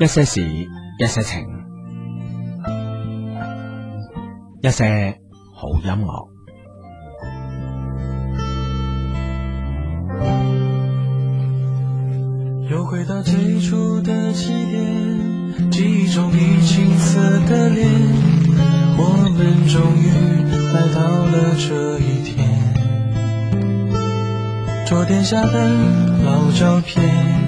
一些事，一些情，一些好音樂。又回到最初的起點，記憶中你青澀的臉，我們終於來到了這一天。桌墊下的老照片。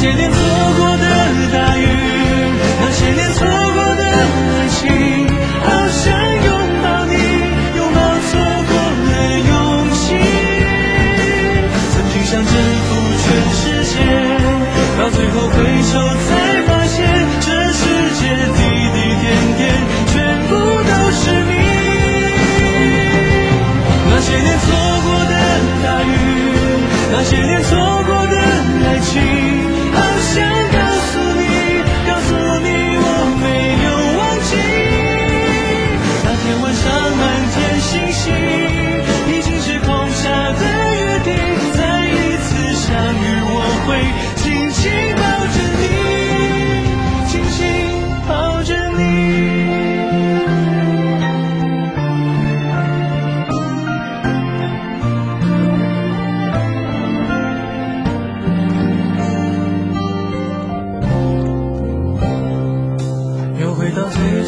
那些年，錯過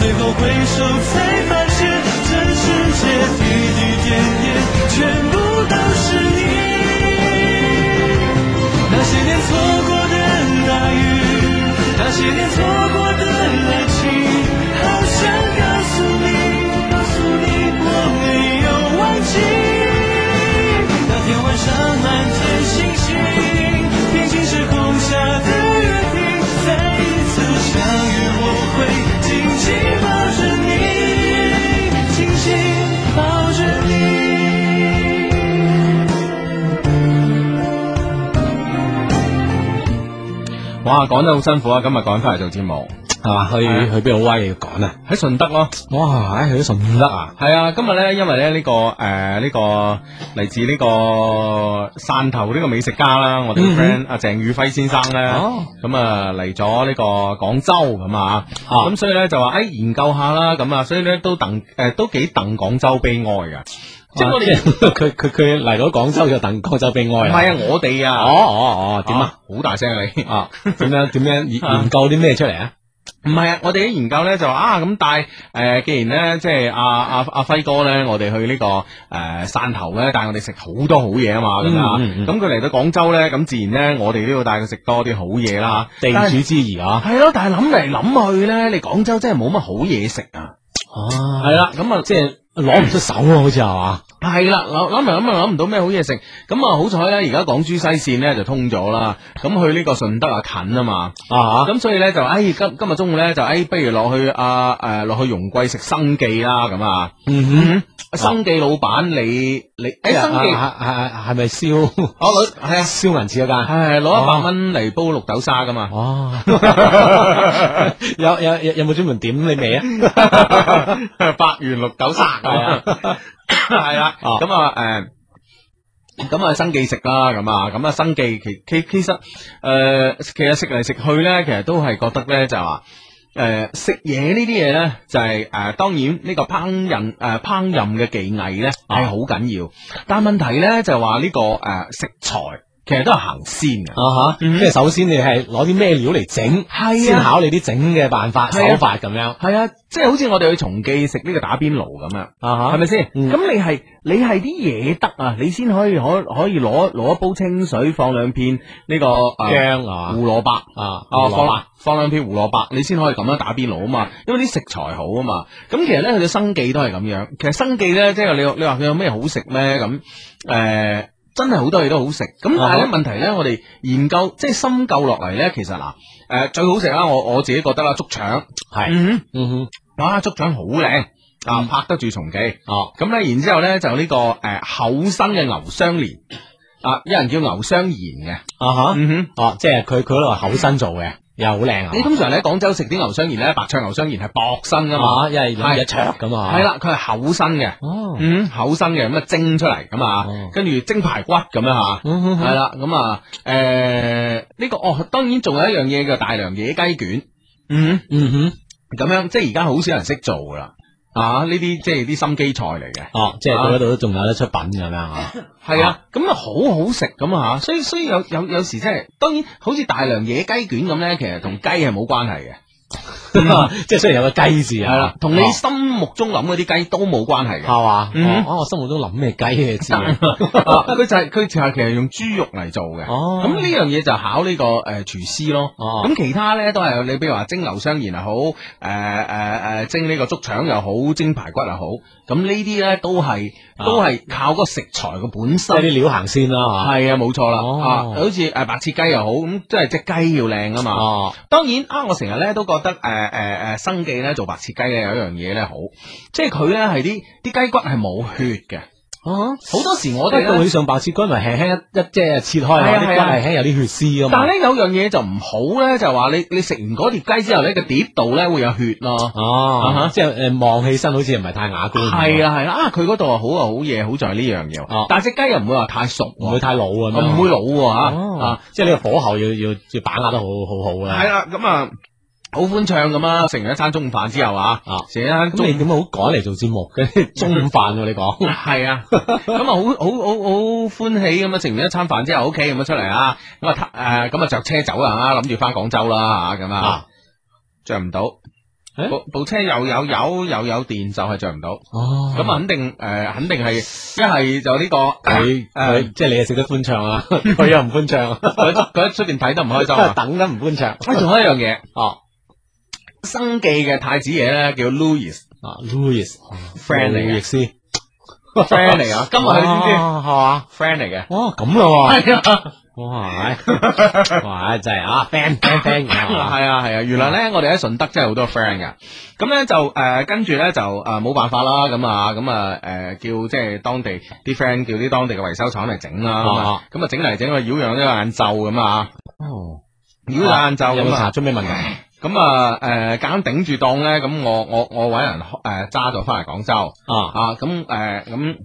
最後回首，才發現。啊講得好辛苦啊，今日趕翻嚟做節目係嘛，去去邊度威要講啊？喺順德咯，哇！唉去咗順德啊？係啊，今日咧因為咧呢個誒呢個嚟自呢個汕頭呢個美食家啦，我哋嘅 friend 阿鄭宇輝先生咧，咁啊嚟咗呢個廣州咁啊，咁所以咧就話誒研究下啦，咁啊，所以咧都等誒都幾等廣州悲哀㗎。即係我哋佢佢佢嚟到廣州就等廣州悲哀。唔係啊，我哋啊。哦哦哦，點啊？好大聲啊你！啊，點樣點樣研研究啲咩出嚟啊？唔係啊，我哋啲研究咧就啊咁帶誒，既然咧即係阿阿阿輝哥咧，我哋去呢個誒汕頭咧，帶我哋食好多好嘢啊嘛，咁佢嚟到廣州咧，咁自然咧，我哋都要帶佢食多啲好嘢啦，地主之誼啊。係咯，但係諗嚟諗去咧，你廣州真係冇乜好嘢食啊。哦，係啦，咁啊，即係。攞唔出手啊，好似係嘛。係啦，諗嚟諗又諗唔到咩好嘢食，咁啊好彩咧，而家港珠西線咧就通咗啦，咁去呢個順德啊近啊嘛，啊咁、uh huh. 所以咧就，哎今今日中午咧就，哎不如落去啊，誒落去容桂食生記啦，咁啊，嗯哼、uh，huh. 生記老闆你你，哎生記係係咪燒，我女係啊，燒銀紙啊。嗰間、啊，係係攞一百蚊嚟煲綠豆沙噶嘛，哦、uh huh. 有有有冇專門點你味啊？ 百元綠豆沙，係啊。係啦，咁 啊，誒，咁啊，生記食啦，咁啊，咁啊，生記其其其實誒、呃，其實食嚟食去咧，其實都係覺得咧就話、是，誒、呃，食嘢呢啲嘢咧就係、是、誒、呃，當然呢個烹飪誒、呃、烹飪嘅技藝咧係好緊要，但係問題咧就話、是、呢、這個誒、呃、食材。其實都係行先嘅，啊哈！即係首先你係攞啲咩料嚟整，係先考慮啲整嘅辦法手法咁樣。係啊，即係好似我哋去重記食呢個打邊爐咁啊，係咪先？咁你係你係啲嘢得啊，你先可以可可以攞攞一煲清水放兩片呢個薑胡蘿蔔啊，放啦，放兩片胡蘿蔔，你先可以咁樣打邊爐啊嘛，因為啲食材好啊嘛。咁其實呢，佢哋生記都係咁樣。其實生記呢，即係你你話佢有咩好食呢？咁誒？真係好多嘢都好食，咁但係咧問題咧，我哋研究即係深究落嚟呢，其實嗱，誒、呃、最好食啦，我我自己覺得啦，竹腸係、嗯，嗯哼，啊、竹腸嗯竹腸好靚，啊拍得住松記，哦，咁、啊、呢，然之後咧就呢、這個誒、呃、厚身嘅牛雙蓮，啊有人叫牛雙蓮嘅，啊吓，哼，哦即係佢佢嗰度係厚身做嘅。又好靚啊！欸、你通常咧喺廣州食啲牛雙鹽咧，白灼牛雙鹽係薄身噶嘛、啊，因為一灼咁啊，係啦，佢係厚身嘅，哦、嗯，厚身嘅咁啊蒸出嚟咁啊，跟住、哦、蒸排骨咁樣嚇、啊，係啦、嗯，咁啊誒呢、呃呢個哦，當然仲有一樣嘢叫大良野雞卷，嗯嗯哼，咁、嗯、哼樣即係而家好少人識做噶啦。啊！呢啲即係啲心機菜嚟嘅，哦、啊，即係佢嗰度都仲有得出品咁樣嚇，係啊！咁啊，啊好好食咁啊，所以所以有有有時即係當然，好似大良野雞卷咁咧，其實同雞係冇關係嘅。即係雖然有個雞字係、啊、啦，同你心目中諗嗰啲雞都冇關係嘅，係嘛？啊，我心目中諗咩雞啊？佢就係佢就係其實用豬肉嚟做嘅。哦、呃，咁呢樣嘢就考呢個誒廚師咯。哦、啊，咁其他咧都係你比如話蒸牛雙然又好，誒誒誒蒸呢個竹腸又好，蒸排骨又好，咁呢啲咧都係。都係靠嗰食材嘅本身，即係啲料行先啦，吓係啊，冇錯啦，啊，好似誒白切雞又好，咁即係隻雞要靚啊嘛。哦，當然啊，我成日咧都覺得誒誒誒，生記咧做白切雞嘅有一樣嘢咧好，即係佢咧係啲啲雞骨係冇血嘅。好多時我哋咧，刀起上白切雞，咪輕輕一一即係切開下啲骨，係輕有啲血絲咁。但係咧有樣嘢就唔好咧，就話你你食完嗰碟雞之後咧，個碟度咧會有血咯。哦，即係誒望起身好似唔係太雅觀。係啊係啦，啊佢嗰度啊好啊好嘢，好在呢樣嘢。但係隻雞又唔會話太熟，唔會太老啊。唔會老吓啊，即係你個火候要要要把握得好好好啦。係啦，咁啊。好歡暢咁啊！食完一餐中午飯之後啊，食、啊、一中啊，咁你點好趕嚟做節目嘅？ 中午飯喎、啊，你講係啊，咁啊、 嗯、好好好好，好，好歡喜咁啊！食完一餐飯之後，O K 咁啊出嚟啊，咁啊誒咁啊著車走啊，諗住翻廣州啦嚇咁啊，啊著唔到、啊、部部車又有油又有，有，有，有電就，就係着唔到哦。咁啊肯定誒肯定係一係就呢個佢誒，即係你食得歡暢啊，佢又唔歡暢、啊，佢佢喺出邊睇得唔開心、啊啊，等得唔歡暢。誒 仲有一樣嘢哦。啊生記嘅太子爺咧叫 Louis 啊，Louis，friend 嚟，Louis，friend 嚟啊！今日去，知唔知係啊 friend 嚟嘅，哇咁咯，哇，哇真係啊，friend，friend，係啊係啊！原來咧，我哋喺順德真係好多 friend 噶。咁咧就誒，跟住咧就誒，冇辦法啦。咁啊，咁啊，誒，叫即係當地啲 friend，叫啲當地嘅維修廠嚟整啦。咁啊，整嚟整去，擾攘啲晏晝咁啊。哦，擾攘晏晝咁啊。出咩問題？咁、嗯嗯、是啊，誒揀頂住檔咧，咁我我我揾人誒揸咗翻嚟廣州啊啊，咁誒咁，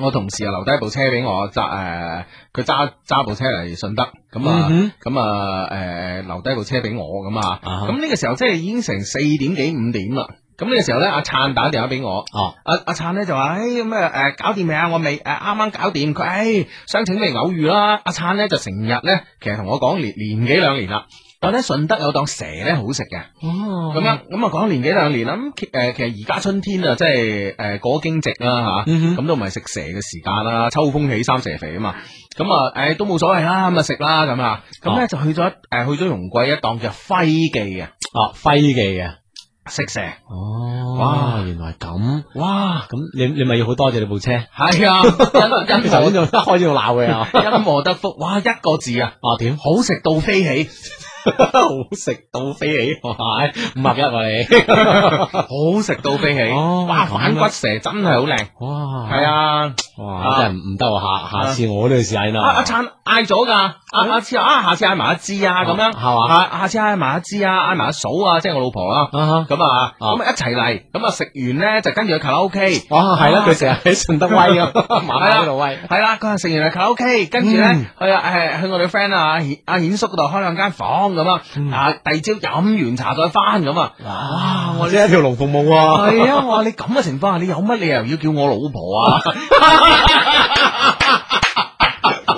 我同事又留低部車俾我揸，誒佢揸揸部車嚟順德，咁啊咁啊誒留低部車俾我咁啊，咁呢、mm hmm. 嗯嗯這個時候即係已經成四點幾五點啦。咁、這、呢個時候咧，阿燦打電話俾我，uh. 啊哎嗯、我，啊阿阿燦咧就話誒咁啊誒搞掂未啊？我未誒啱啱搞掂，佢誒相請你偶遇啦。阿燦咧就成日咧，其實同我講年年，年，年年幾兩年啦。我咧順德有檔蛇咧好食嘅，哦，咁樣咁啊講年幾兩年啦，咁誒其實而家春天啊，即係誒果經值啦吓，咁都唔係食蛇嘅時間啦，秋風起三蛇肥啊嘛，咁啊誒都冇所謂啦，咁啊食啦咁啊，咁咧就去咗誒去咗容桂一檔叫輝、啊、記嘅，哦輝記嘅食蛇，哦哇原來係咁，哇咁你你咪要好多謝你部車，係啊因因神就開住鬧你啊，因禍得福，哇一個字啊，哦點、啊、好食到飛起。好食到飛起，係五合一我你，好食到飛起，哇反骨蛇真係好靚，哇係啊，哇真係唔得喎，下下次我都去試下啦。阿燦嗌咗噶，阿阿啊，下次嗌埋阿志啊，咁樣係嘛，下次嗌埋阿志啊，嗌埋阿嫂啊，即係我老婆啦，咁啊，咁啊一齊嚟，咁啊食完咧就跟住去卡拉 OK，哇係啦，佢成日喺順德威啊馬尾路威，係啦，佢啊食完去卡拉 OK，跟住咧去係去我哋 friend 啊阿顯叔嗰度開兩間房。咁啊，嗯、啊，第二朝飲完茶再翻咁啊，哇！即係一條龍服務啊，係啊！我話、啊是啊、你咁嘅 情況下，你有乜理由要叫我老婆啊？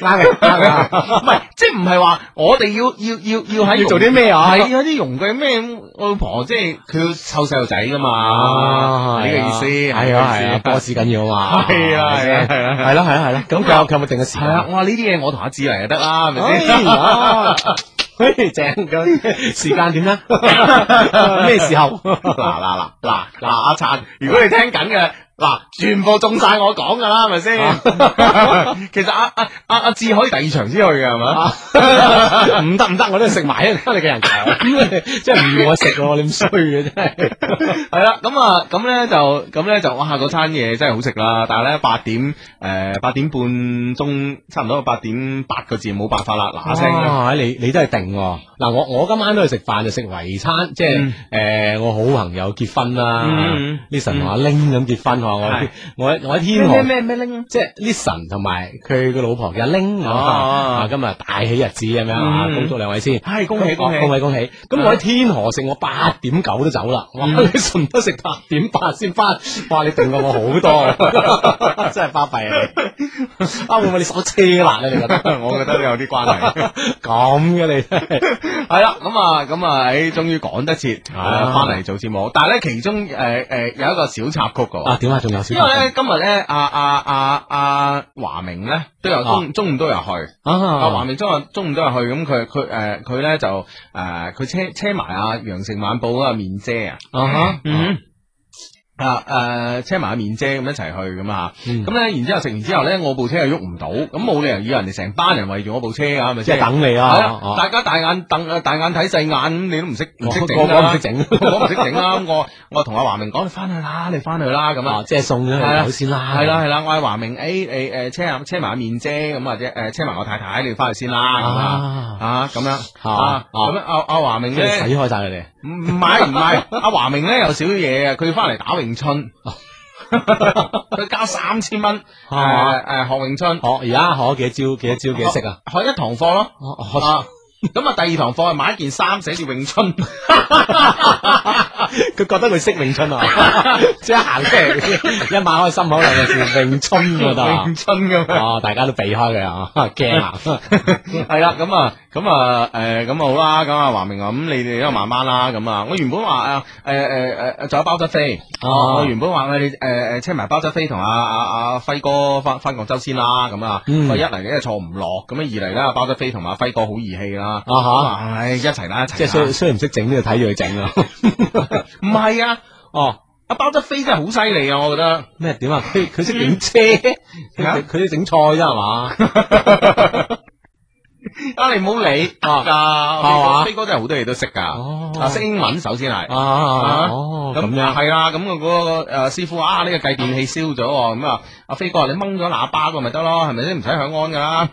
拉佢，唔係，即係唔係話我哋要要要要喺度做啲咩啊？喺啲容具咩？我老婆即係佢要湊細路仔噶嘛？呢個意思，係啊係啊，波士緊要嘛？係啊係啊係啦係啦係啦，咁佢佢咪定個時間？係啊，我話呢啲嘢我同阿志嚟就得啦，明唔明？誒，正嘅，時間點咧？咩時候？嗱嗱嗱嗱嗱，阿陳，如果你聽緊嘅。嗱，全部中晒我講噶啦，係咪先？其實阿阿阿阿志可以第二場先去嘅，係咪？唔得唔得，我都食埋呢攤嚟嘅人，即係唔要我食咯，你咁衰嘅真係。係啦，咁啊，咁咧就，咁咧就，哇，嗰餐嘢真係好食啦。但係咧八點，誒，八點半鐘，差唔多八點八個字，冇辦法啦，嗱聲。你你都係定嗱，我我今晚都係食飯，就食圍餐，即係誒，我好朋友結婚啦，Listen 同阿 Link 咁結婚。我我我喺天河咩咩即係 listen 同埋佢個老婆嘅 Ling 啊，今日大喜日子咁樣啊，恭祝兩位先，係恭喜恭喜恭喜恭喜，咁我喺天河食我八點九都走啦，我喺順德食八點八先翻，哇你定過我好多，真係巴閉啊！啊會唔會你手車辣咧？你覺得？我覺得你有啲關係，咁嘅你係啦，咁啊咁啊，誒終於趕得切，係翻嚟做節目，但係咧其中誒誒有一個小插曲噶。因為咧，今日咧，阿阿阿阿華明咧，都有中、啊、中午都有去，啊。華、啊啊啊啊、明中啊，中午都有去，咁佢佢誒佢咧就誒佢、呃、車車埋阿羊城晚報嗰個面姐啊，啊哈嗯。嗯啊誒，車埋阿面姐咁一齊去咁啊吓，咁咧，然之後食完之後咧，我部車又喐唔到，咁冇理由要人哋成班人圍住我部車噶，係咪先？即係等你啊！係啊，大家大眼瞪誒，大眼睇細眼，你都唔識唔識整我唔識整，我唔識整啊！我我同阿華明講，你翻去啦，你翻去啦咁啊！即係送咗你走先啦！係啦係啦，我係華明，誒誒誒，車車埋阿面姐咁或者誒，車埋我太太，你翻去先啦咁啊咁樣咁樣，阿阿華明即係睇開晒佢哋。唔係唔係，阿華、 啊、明咧有少少嘢啊，佢要翻嚟打詠春，佢加三千蚊，係嘛？誒學詠春，學而家學咗幾多招？幾多招？幾識啊？啊學一堂課咯，學、啊。啊咁啊，第二堂課係買一件衫寫住詠春，佢覺得佢識詠春啊，即係行出嚟一埋開心口，兩個字詠春嘅都，詠春咁啊！大家都避開佢啊，啊，驚、呃、啊！係啦，咁啊，咁啊，誒，咁啊好啦，咁啊，華明啊，咁你哋都慢慢啦，咁啊，我原本話啊，誒誒誒，仲、呃、有包德飛，我原本話你哋誒誒車埋包德飛同阿阿阿輝哥翻翻廣州先啦，咁啊，一嚟咧坐唔落，咁樣二嚟咧包德飛同阿輝哥好義氣啦。啊吓，唉、uh huh. 嗯，一齊啦一齊，即係雖雖然唔識整都要睇住佢整咯，唔係 啊，哦，阿包得妃真係好犀利啊，我覺得咩？點啊？佢佢識整車，佢佢識整菜咋？係咪。 啊！你唔好理，噶飛哥真係好多嘢都識噶，啊識英文首先係哦咁樣係啦，咁個嗰個誒師傅啊呢個計電器燒咗，咁啊阿飛哥你掹咗喇叭個咪得咯，係咪先唔使響安噶？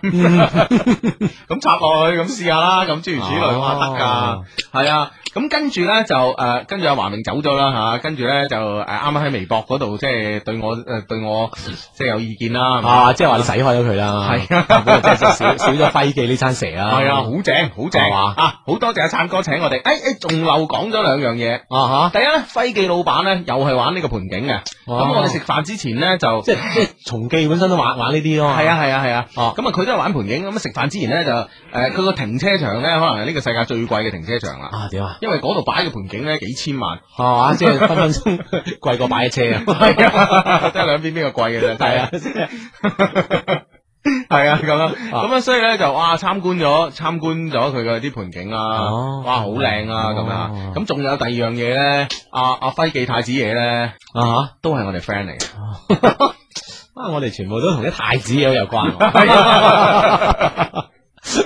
咁插落去咁試下啦，咁諸如此類啊得噶，係啊，咁跟住咧就誒跟住阿華明走咗啦吓，跟住咧就誒啱啱喺微博嗰度即係對我誒對我即係有意見啦，啊即係話你使開咗佢啦，係啊，即係少少咗廢技呢蛇啊，係啊，好正，好正啊！好多謝阿燦哥請我哋，誒誒，仲漏講咗兩樣嘢啊吓，第一咧輝記老闆咧又係玩呢個盆景啊，咁我哋食飯之前咧就即係即係松記本身都玩玩呢啲咯，係啊係啊係啊，咁啊佢都係玩盆景，咁食飯之前咧就誒佢個停車場咧可能係呢個世界最貴嘅停車場啦，啊點啊，因為嗰度擺個盆景咧幾千萬，係嘛，即係分分鐘貴過擺一車啊，即係兩邊邊個貴嘅啫，係啊。係 啊，咁樣咁啊，所以咧就哇參觀咗參觀咗佢嘅啲盆景啊，哇好靚啊，咁哇啊，咁仲、啊啊啊、有第二樣嘢咧，阿阿輝記太子嘢咧，啊哈都係我哋 friend 嚟，嘅、啊， 啊我哋全部都同啲太子嘢有關係，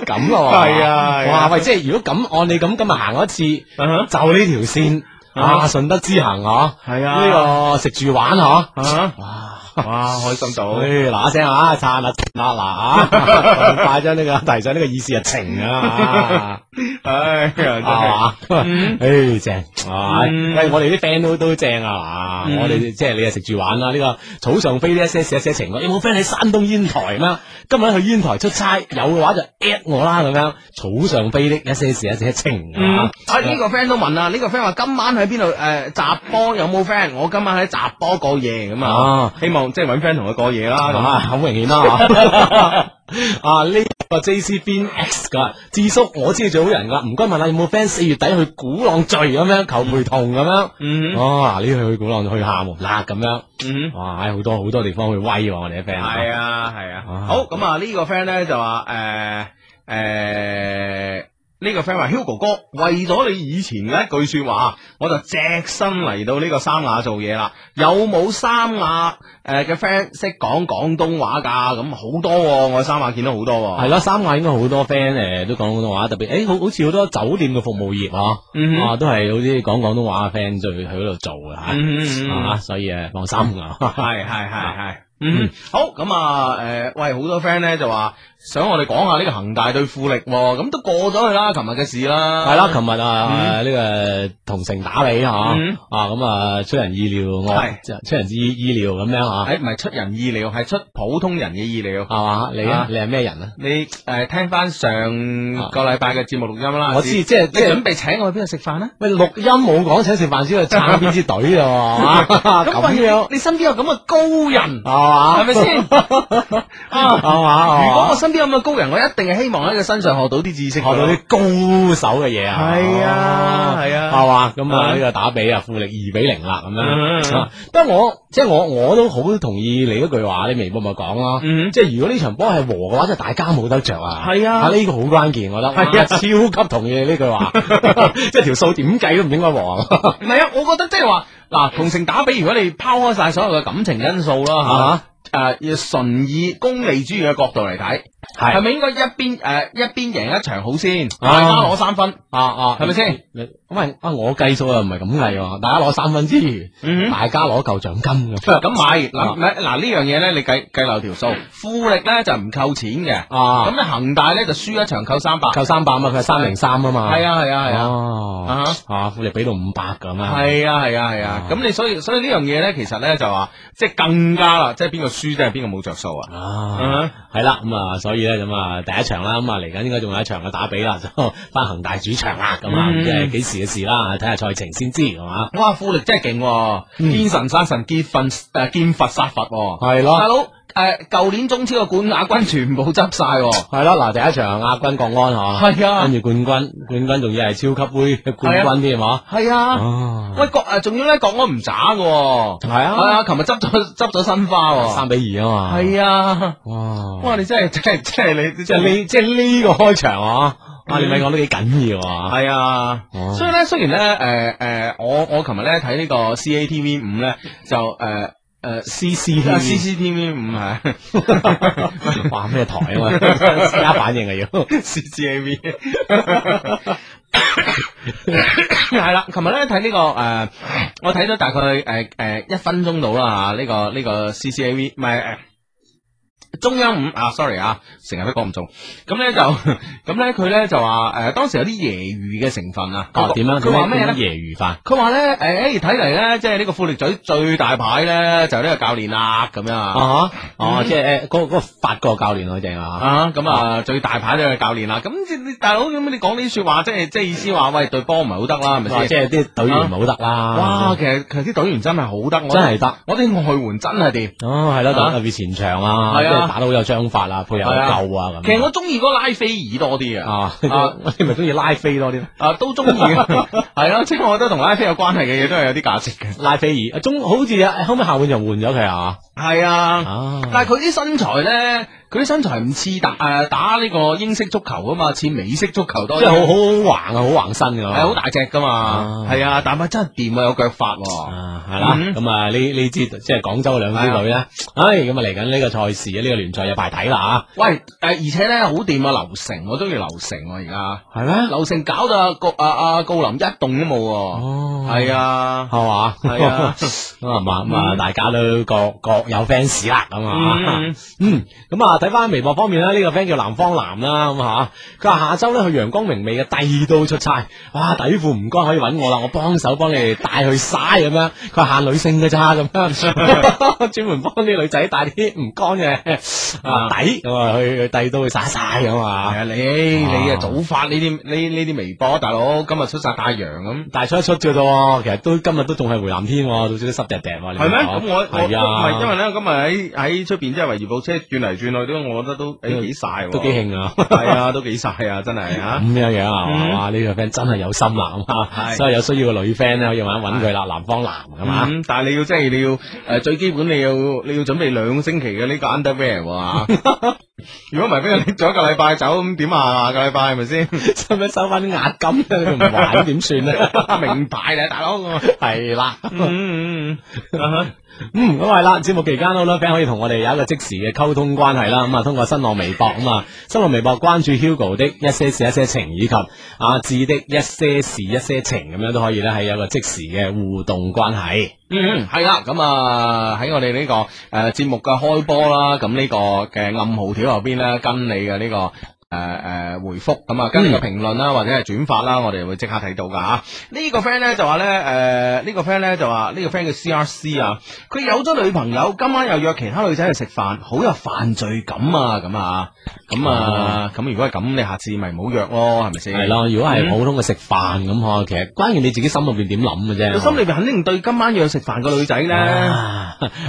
咁咯， 係啊，啊啊 哇喂，即係如果咁按你咁，今日行一次就呢條線啊，順、啊啊、德之行嗬，係啊，呢個食住玩嗬，啊。啊啊啊啊啊哇，開心到！嗱嗱聲啊，撐啊，嗱啊，啊啊 快將呢個提上呢個意思啊，情啊！唉、 哎，係嘛？唉、啊嗯哎，正喂、哎嗯哎，我哋啲 friend 都都正啊！嗱、嗯，我哋即係你啊食住玩啦！呢、這個草上飛的一些事一些情、啊，有冇 friend 喺山東煙台咩？今晚去煙台出差，有嘅話就 at 我啦，咁樣草上飛的一些事一些情、啊。嗯，啊呢個 friend 都問啊，呢、這個 friend 話今晚喺邊度誒？閘、呃、波有冇 friend？我今晚喺閘波過夜咁啊！啊希望。即係搵 friend 同佢過夜啦，咁啊，好明顯啦， 啊呢、 啊這個 J C B X 噶智叔，我知你最好人噶，唔該問下有冇 friend 四月底去鼓浪聚咁樣求陪同咁樣，嗯哼，啊呢去去鼓浪去喊啦咁樣，嗯哼，哇，好多好多地方去威我哋啲 friend，係啊係啊，好咁啊呢個 friend 咧就話誒誒。呃呃嗯呢個 friend 話：Hugo 哥為咗你以前嘅一句說話，我就隻身嚟到呢個三亞做嘢啦。有冇三亞誒嘅 friend 識講廣東話噶？咁好多、哦、我喺三亞見到好多、哦。係咯，三亞應該好多 friend 誒都講廣東話，特別誒、欸、好好似好多酒店嘅服務業嗬、啊，嗯、哼啊都係有啲講廣東話嘅 friend 就會喺度做嘅吓、嗯嗯啊，所以誒放心啊。係係係係，嗯哼好咁啊誒，喂好多 friend 咧就話。想我哋講下呢個恒大對富力，咁都過咗去啦，琴日嘅事啦，係啦，琴日啊呢個同城打你吓啊，咁啊出人意料，我出人意意料咁樣吓，誒唔係出人意料，係出普通人嘅意料，係嘛？你啊，你係咩人啊？你誒聽翻上個禮拜嘅節目錄音啦，我知，即係你係準備請我去邊度食飯咧？喂，錄音冇講請食飯，先去撐邊支隊嘅，咁樣你身邊有咁嘅高人係嘛？係咪先啊？係嘛？如果我身啲咁嘅高人，我一定係希望喺佢身上學到啲知識，學到啲高手嘅嘢啊！係啊，係啊，係嘛咁，啊，呢個打比啊，富力二比零啦，咁樣。不過我即係我我都好同意你嗰句話，你微博咪講咯。即係如果呢場波係和嘅話，即係大家冇得着啊！係啊，呢個好關鍵，我覺得係啊，超級同意呢句話。即係條數點計都唔應該和。唔係啊，我覺得即係話嗱，同城打比，如果你拋開晒所有嘅感情因素啦，吓。誒，要純以功利主義嘅角度嚟睇係係咪應該一邊誒一邊贏一場好先，大家攞三分啊啊，係咪先？咁啊啊，我計數又唔係咁計，大家攞三分之餘，大家攞夠獎金嘅，咁咪嗱嗱，呢樣嘢咧，你計計漏條數，富力咧就唔扣錢嘅啊，咁你恒大咧就輸一場扣三百，扣三百啊嘛，佢係三零三啊嘛，係啊係啊係啊，啊富力俾到五百咁啊，係啊係啊係啊，咁你所以所以呢樣嘢咧，其實咧就話即係更加啦，即係邊個輸。豬真係邊個冇着數啊！係啦，啊，咁啊、uh huh. 嗯，所以咧咁啊，第一場啦，咁啊嚟緊應該仲有一場嘅打比啦，就翻恒大主場啦，咁啊，即係幾時嘅事啦？睇下賽程先知係嘛？哇，富力真係勁，見神殺神，見佛誒見佛殺，啊、佛，係咯了，大佬。誒，舊年中超嘅冠亞軍全部執晒喎。係咯，嗱，第一場亞軍國安吓，係啊，跟住冠軍冠軍，仲要係超級杯冠軍添嘛。係啊，喂，國誒，仲要咧，國安唔渣。㗎係啊，係啊，琴日執咗執咗申花喎，三比二啊嘛。係啊，哇！哇！你真係真係真係你即係你，即係呢個開場吓，阿你，咪講得幾緊要啊。係啊，所以咧，雖然咧，誒誒，我我琴日咧睇呢個 C A T V 五咧，就誒。誒，CCTV，CCTV 唔係。 話咩台啊嘛，加反應啊要，CCTV。係啦，琴日咧睇呢、這個誒、呃，我睇咗大概誒誒、呃呃、一分鐘到啦吓，呢、這個呢、這個 CCTV，唔係。呃中央五啊，sorry 啊，成日都講唔中。咁咧就，咁咧佢咧就話，誒，當時有啲揶揄嘅成分啊。點啊？佢話咩咧？揶揄法。佢話咧，誒誒，睇嚟咧，即係呢個富力隊最大牌咧，就呢個教練啦，咁樣。啊哦，即係誒，嗰個法國教練最正啊。啊，咁啊，最大牌呢個教練啦。咁即係大佬，咁你講呢啲說話，即係即係意思話，喂，對波唔係好得啦，係咪先？即係啲隊員唔好得啦。哇，其實其實啲隊員真係好得。真係得。我啲外援真係掂。哦，係啦，特別前場啊。係啊。打得好有章法啦，配合夠啊咁。其實我中意嗰拉斐爾多啲嘅。啊，你咪中意拉菲多啲？啊，都中意，係 咯， 即係我覺得同拉菲有關係嘅嘢都係有啲價值嘅。 拉斐爾，中好似後尾下半場換咗佢啊。係啊，但係佢啲身材咧，佢啲身材唔似打誒打呢個英式足球啊嘛，似美式足球多。即係好好好橫啊，好橫身嘅。係好大隻噶嘛，係啊，但係真係掂啊，有腳法喎。係啦，咁啊呢呢支即係廣州兩支隊咧，唉，咁啊嚟緊呢個賽事啊，呢個聯賽有排睇啦吓。喂，誒而且咧好掂啊，劉成，我中意劉成而家。係咩？劉成搞到阿高阿阿郜林一動都冇。哦，係啊，係嘛，係啊，係嘛，咁啊，大家都各各。有 fans 啦咁啊，嗯，咁啊睇翻微博方面啦，呢、這個 friend 叫南方男啦，咁吓、啊，佢話下周咧去陽光明媚嘅帝都出差，哇底褲唔乾可以揾我啦，我幫手幫你哋帶去曬咁樣。佢話限 女性嘅咋咁樣、啊， 專門幫啲女仔帶啲唔乾嘅底咁啊去去帝都去曬曬咁啊。你啊你啊早發呢啲呢呢啲微博，大佬今日出晒太陽咁，但係出一出啫多，其實都今日都仲係回南天，到最都濕掟掟。係咁我係因咁、嗯嗯嗯嗯嗯、啊！喺喺出邊，即係圍住部車轉嚟轉去，都我覺得都誒幾晒喎，都幾興啊！係啊，都幾晒啊！真係啊！咁樣樣啊！哇！呢個 friend 真係有心啦，係所以有需要嘅女 friend 咧，可以搵搵佢啦。南方男係嘛？但係你要即係你要誒，最基本你要你要準備兩星期嘅呢個 underwear 啊！如果唔係，你做一個禮拜走咁點啊？下個禮拜係咪先？使使收翻啲押金喺度玩？點算啊？明牌啊，大佬係啦。嗯，咁係啦，節目期間好多 friend 可以同我哋有一個即時嘅溝通關係啦，咁啊，通過新浪微博，咁啊，新浪微博關注 Hugo 的一些事一些情以及阿志的一些事一些情，咁樣都可以咧，係有一個即時嘅互動關係。嗯，嗯，係、這個呃、啦，咁啊，喺我哋呢個誒節目嘅開波啦，咁呢個嘅暗號條後邊咧，跟你嘅呢、這個。誒誒回覆咁啊，跟住評論啦，或者係轉發啦，我哋會即刻睇到噶吓。呢個 friend 咧就話咧，誒呢個 friend 咧就話呢個 friend 叫 CRC 啊，佢有咗女朋友，今晚又約其他女仔去食飯，好有犯罪感啊咁啊咁啊咁。如果係咁，你下次咪唔好約咯，係咪先？係咯，如果係普通嘅食飯咁嗬，其實關於你自己心裏邊點諗嘅啫。個心裏邊肯定對今晚約食飯個女仔咧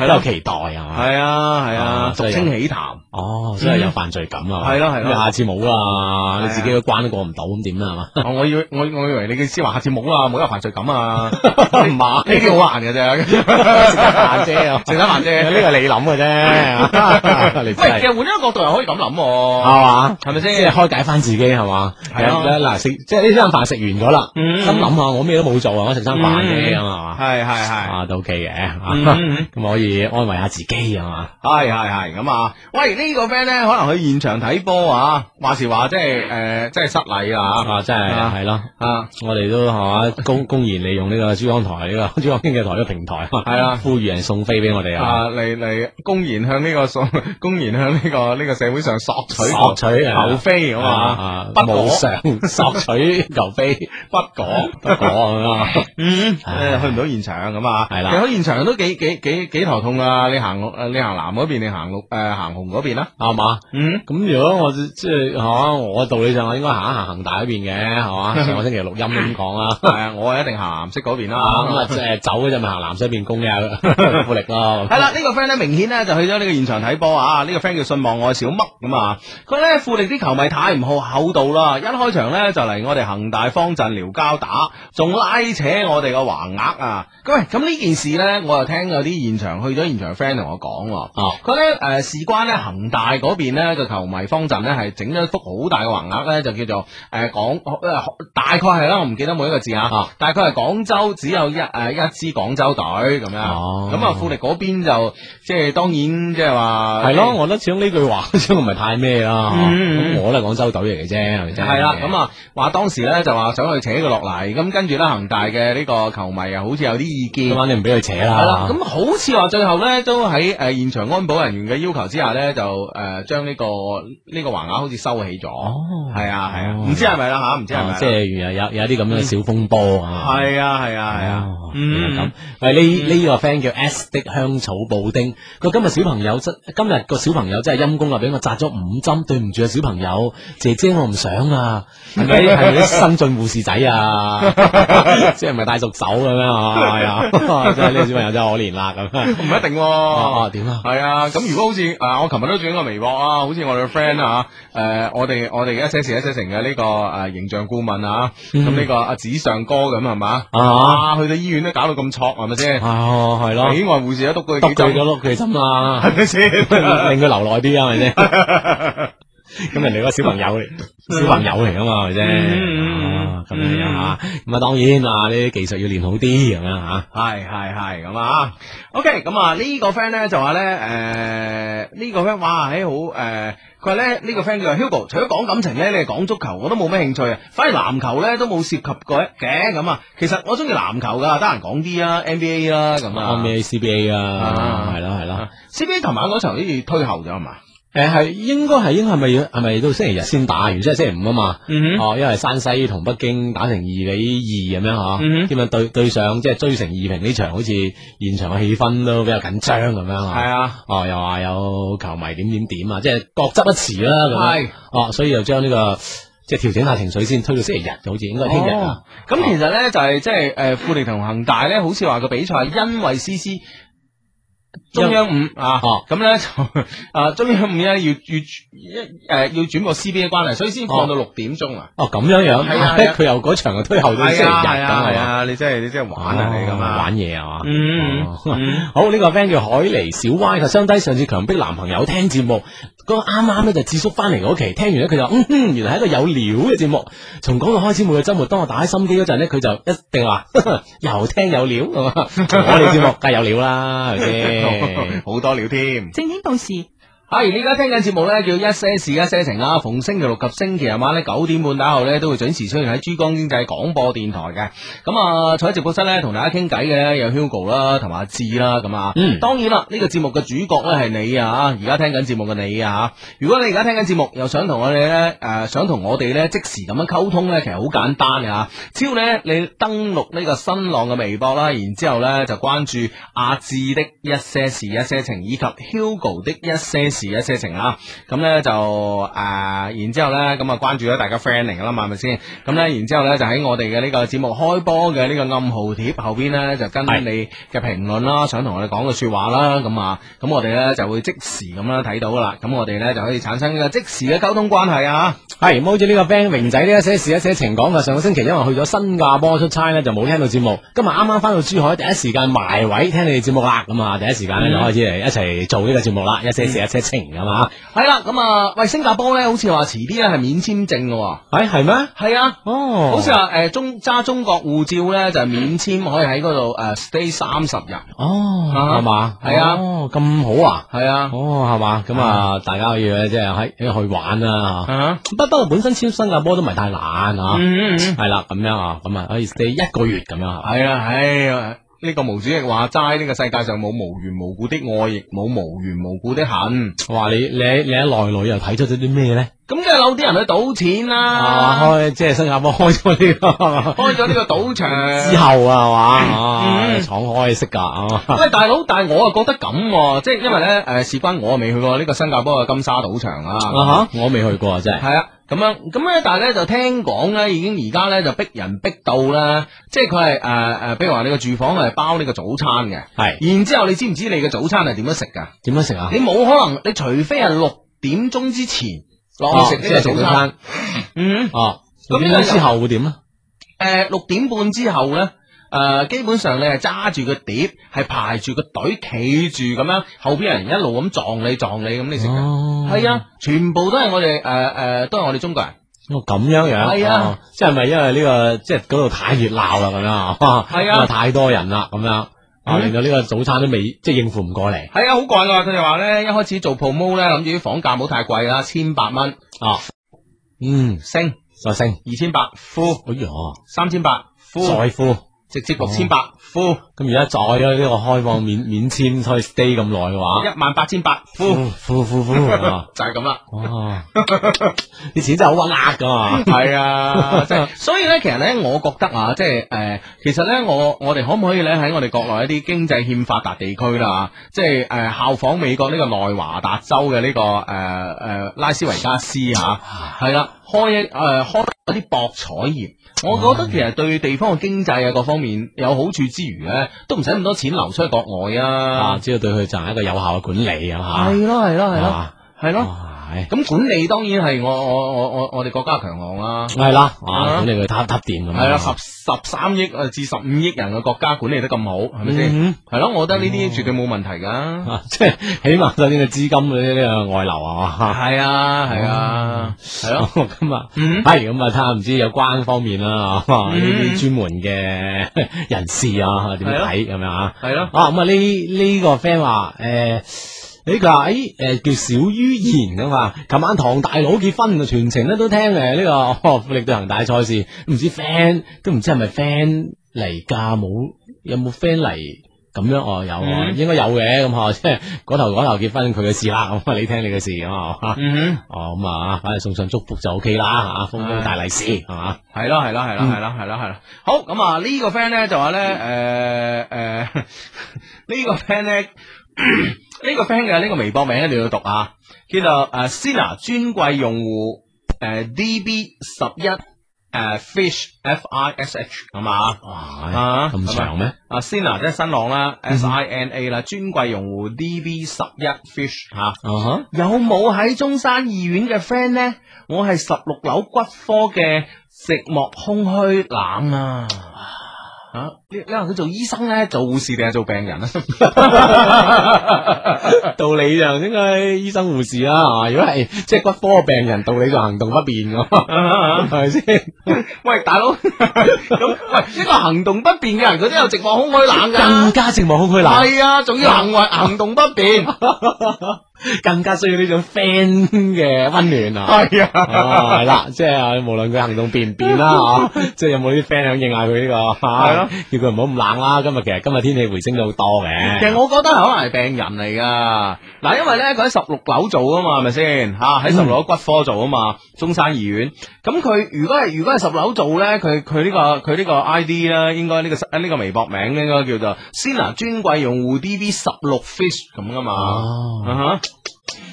都有期待啊。係啊係啊，俗稱喜談。哦，真係有犯罪感啊。係咯係咯，下次冇。好啊！你自己個關都過唔到咁點啊？係嘛？我以我我以為你嘅思話下次冇啦，冇得犯罪感啊？唔係呢啲好難嘅啫，剩餐飯啫，剩餐飯啫，呢個你諗嘅啫。喂，其實換一個角度又可以咁諗係嘛？係咪先？即係開解翻自己係嘛？係啦嗱，食即係呢餐飯食完咗啦，咁諗下我咩都冇做啊，食餐飯啫嘛係嘛？係係係啊，都 OK 嘅咁可以安慰下自己係嘛？係係係咁啊！喂，呢個 friend 咧可能去現場睇波啊！話時話即係誒，即係失禮啊！啊，真係係咯，啊，我哋都係嘛，公公然利用呢個珠江台呢個珠江經濟台呢個平台，係啊，呼籲人送飛俾我哋啊，嚟嚟公然向呢個送，公然向呢個呢個社會上索取索取求飛，我話啊，冇上索取求飛，不講不講咁啊，嗯，誒，去唔到現場咁啊，係啦，去到現場都幾幾幾幾頭痛啊！你行路誒，你行南嗰邊定行綠誒，行紅嗰邊啊？係嘛，嗯，咁如果我即係。哦、啊，我道理上我應該行一行恒大嗰邊嘅，係、啊、嘛？上個星期錄音咁講啦，係 啊，我係一定行南西嗰邊啦。咁啊，即係走嗰陣咪行南西邊攻嘅富力咯。係啦，呢個 friend 咧明顯咧就去咗呢個現場睇波啊。呢、這個 friend 叫信望愛小乜咁啊。佢咧富力啲球迷太唔好厚道啦，一開場咧就嚟我哋恒大方陣撩交打，仲拉扯我哋個橫額啊。咁、啊、喂，咁呢件事咧，我又聽有啲現場去咗現場嘅 friend 同我講，哦、啊，佢咧誒事關咧恒大嗰邊咧個球迷方陣咧係整。一幅好大嘅橫額咧，就叫做誒廣、呃呃，大概係啦，我唔記得每一個字啊，大概佢係廣州只有一誒、呃、一支廣州隊咁樣，咁啊富力嗰邊就即係當然即係話係咯，我覺得始終呢句話真係唔係太咩啦。咁、嗯、我都係廣州隊嚟嘅啫，係咪先？係啦，咁啊話當時咧就話想去扯佢落嚟，咁跟住咧恒大嘅呢個球迷啊，好似有啲意見，咁肯定唔俾佢扯啦。係啦，咁好似話最後咧都喺誒現場安保人員嘅要求之下咧，就誒將呢個呢、個呢個橫額好似收起咗，係啊係啊，唔知係咪啦吓，唔知係咪，即係原來有有啲咁樣小風波啊，係啊係啊係啊，咁，誒，呢呢個 friend 叫 S 的香草布丁，佢今日小朋友真，今日個小朋友真係陰公啦，俾我扎咗五針，對唔住啊小朋友，姐姐我唔想啊，係咪係啲新進護士仔啊，即係唔係大熟手嘅咩啊？係啊，即係呢個小朋友真係可憐啦咁，唔一定，哦點啊？係啊，咁如果好似啊，我琴日都轉個微博啊，好似我哋個 friend 啊，誒。誒、呃，我哋我哋一寫成一寫成嘅呢個誒、啊、形象顧問啊，咁呢個阿紙上哥咁係嘛，啊去到醫院都搞到咁挫，係咪先？哦，係咯。幾外護士一督佢幾咗碌佢心啊，啦吧，係咪先？令佢留耐啲係咪先？咁人哋嗰小朋友，嚟，小朋友嚟噶嘛，係咪啫？咁樣吓，咁啊，啊當然啊，呢啲技術要練好啲，咁樣吓。係係係，咁啊，OK，咁啊，okay，啊這個、呢，呢、呃這個 friend 咧就話咧，誒，呢個 friend，哇，誒好，誒、呃，佢話咧，呢、這個 friend 叫 Hugo，除咗講感情咧，你係講足球，我都冇咩興趣啊，反而籃球咧都冇涉及過嘅，咁啊，其實我中意籃球噶，得閒講啲啊，NBA 啦，咁啊，NBA、CBA 啦、啊，係啦係啦，CBA 琴晚嗰場好似推後咗係嘛？誒，係應該係應係咪要係咪到星期日先打？原先係星期五啊嘛。Mm hmm. 哦，因為山西同北京打成二比二咁樣嗬。點、hmm. 樣、啊、對對上即係追成二平呢場？好似現場嘅氣氛都比較緊張咁樣。係啊。哦、mm hmm. 啊，又話有球迷點點點啊，即係各執一詞啦。係。哦、mm hmm. 啊，所以又將呢、呢個即係調整下情緒先，推到星期日，好似應該聽日。咁其實咧就係即係誒，富力同恒大咧，好似話個比賽因為 C C。哦哦哦中央五啊，咁咧就，誒、啊、中央五咧要要一誒要轉個 C B A 嘅關係，所以先放到六點鐘啊。哦咁樣樣，佢由嗰場又推後咗一日，係啊係啊，吧啊，啊，啊，你真係你真係玩啊你咁啊，玩嘢啊嘛。嗯，啊、嗯好呢、這個 friend 叫海尼小 Y，佢相低上次強逼男朋友聽節目。 嗰啱啱咧就智叔翻嚟嗰期，聽完咧佢就嗯哼，原來係一個有料嘅節目。從講到開始每個周末，當我打開心機嗰陣咧，佢就一定話又聽有料，咁我哋節目梗係 有料啦，係咪先？好 多料添。正經報時。啊！而家聽緊節目呢，叫一些事一些情啊。逢星期六及星期日晚呢九點半打後呢，都會準時出現喺珠江經濟廣播電台嘅。咁、嗯、啊，坐喺直播室呢，同大家傾偈嘅有 Hugo 啦同埋阿志啦咁啊。嗯，當然啦，呢、這個節目嘅主角呢，係你啊！而家聽緊節目嘅你啊，如果你而家聽緊節目又想同我哋呢，誒、呃，想同我哋呢，即時咁樣溝通呢，其實好簡單嘅吓、啊。只要呢，你登錄呢個新浪嘅微博啦，然之後呢就關注阿志的一些事一些情以及 Hugo 的一些。事一些情啦，咁咧就誒、啊，然之後咧咁啊，關注咗大家 friending 啦嘛，係咪先？咁咧，然之後咧就喺我哋嘅呢個節目開波嘅呢個暗號貼後邊咧，就跟翻你嘅評論啦，想同我哋講嘅說話啦，咁啊，咁我哋咧就會即時咁啦睇到噶啦，咁我哋咧就可以產生呢個即時嘅溝通關係啊。係，好似呢個 band 榮仔呢一些事一些情講嘅，上個星期因為去咗新加坡出差咧，就冇聽到節目，今日啱啱翻到珠海，第一時間埋位聽你哋節目啦，咁啊，第一時間就開始嚟一齊做呢個節目啦，一些事一些事。一些情噶嘛，係啦，咁啊，喂，新加坡咧，好似話遲啲咧係免簽證噶，誒，係咩？係啊，哦，好似話誒中揸中國護照咧就係免簽，可以喺嗰度誒 stay 三十日，哦，係嘛，係啊，哦，咁好啊，係啊，哦，係嘛，咁啊，大家可以咧即係喺度去玩啊，吓，不不過本身簽新加坡都唔係太難吓，係啦，咁樣啊，咁啊可以 stay 一個月咁樣啊，係啊，係啊。呢個毛主席話齋，呢個世界上冇無緣無故的愛，亦冇無緣無故的恨。話你你你喺內裏又睇出咗啲咩咧？咁即係有啲人去賭錢啦、啊，開即係新加坡開咗呢、呢個，開咗呢個賭場之後啊，係嘛，係、啊、敞、嗯嗯、開式噶。喂、啊哎，大佬，但係我啊覺得咁、啊，即係因為咧，誒、呃，事關我未去過呢個新加坡嘅金沙賭場啊，啊我未去過啊，真係。咁樣，咁咧，大家就聽講咧，已經而家咧就逼人逼到啦。即係佢係誒誒，比如話你個住房係包呢個早餐嘅，係是，然之後你知唔知你嘅早餐係點樣食噶？點樣食啊？你冇可能，你除非係六點鐘之前你食呢個早餐，哦就是，早餐嗯，啊、哦，六點之後會點啊？誒、嗯，六點半之後咧？誒，基本上你係揸住個碟，係排住個隊，企住咁樣，後邊人一路咁撞你撞你咁，你食嘅係啊，全部都係我哋誒誒，都係我哋中國人哦，咁樣樣係的啊，啊，即係咪因為呢、這個即係嗰度太熱鬧啦咁樣 的啊，係啊，太多人啦咁樣 啊，啊，令到呢個早餐都未即係應付唔過嚟，係啊，好怪噶佢哋話咧，一開始做 promo 咧，諗住啲房價冇太貴啦，千八蚊啊，嗯，升再升二千八，呼，哎呀，三千八，再呼 three。直接六、哦、千八，呼！咁而家再呢個開放免 免簽，所以 stay 咁耐嘅話，一萬八千八，呼呼呼呼，就係咁啦。哇！啲錢真係好握握噶，係啊，即係，所以咧，其實咧，我覺得啊，即係誒，其實咧，我我哋可唔可以咧喺我哋國內一啲經濟欠發達地區啦啊，即係誒，效仿美國呢個內華達州嘅呢、這個誒誒拉斯維加斯吓，係啦，開誒、呃、開。一啲博彩業，我覺得其實對地方嘅經濟啊各方面有好處之餘咧，都唔使咁多錢流出去國外啊。啊，只要對佢就係一個有效嘅管理啊嘛。係咯係咯係咯係咯。的咁管理當然係我我我我我哋國家強項啦，係啦，啊管理佢撻撻掂咁，係啦，十十三億誒至十五億人嘅國家管理得咁好，係咪先？係咯，我覺得呢啲絕對冇問題噶，即係起碼呢個資金呢個外流啊，係啊係啊，係咯咁啊，係咁啊，睇下唔知有關方面啦，呢啲專門嘅人士啊點睇咁樣啊？係咯，啊咁啊呢呢個 friend 話誒。呢佢誒，誒、哎、叫小于言噶嘛？琴晚唐大佬結婚，全程咧都聽誒呢、這個富力對恒大賽事，唔知 friend 都唔知係咪 friend 嚟噶？冇有冇 friend 嚟咁樣？我有啊，嗯、應該有嘅咁啊，即係嗰頭嗰頭結婚佢嘅事啦，唔係你聽你嘅事、嗯、哼啊。嗯哼，哦咁啊，把佢送上祝福就 OK 啦。啊，風風大利是係嘛？係咯係咯係咯係咯係咯係咯。嗯、好，咁啊、這個、呢，呢、呃呃這個 friend 咧就話咧，誒誒呢個 friend 咧。呢咳咳、這個 friend 嘅呢、這個微博名一定要讀啊，叫做誒、uh, Sina 專櫃用戶誒、uh, DB 十一誒 Fish F I S H 係嘛啊咁、啊、長咩？啊 Sina 即係新浪啦，S I N A 啦、mm，hmm. 專櫃用戶 DB 十一 Fish 吓、啊。Uh huh. 有冇喺中山二院嘅 friend 呢？我係十六樓骨科嘅寂寞空虛冷啊！ 啊！你話佢做醫生咧，做護士定係做病人啊？ 道理就應該醫生護士啦，係嘛？如果係即係骨科病人，道理就行動不便噶、啊，係咪先？喂，大佬咁， 喂 一個行動不便嘅人，佢都有寂寞空虛冷噶、啊，更加寂寞空虛冷，係啊，仲要行為行動不便。 更加需要呢種 friend 嘅温暖啊！係 啊，係啦，即係無論佢行動便唔便啦，吓、 啊、即係有冇啲 friend 響應下佢呢、這個，係咯， 叫佢唔好咁冷啦、啊。今日其實今日天氣回升咗好多嘅。其實 我覺得可能係病人嚟噶。嗱，因為咧佢喺十六樓做啊嘛，係咪先？吓喺十六樓骨科做啊嘛，中山二院。咁佢如果係如果係十樓做咧，佢佢呢個佢呢個 I D 咧，應該呢個呢個微博名應該叫做 Sina 專櫃用戶 D b 十六 Fish 咁噶嘛？啊哈，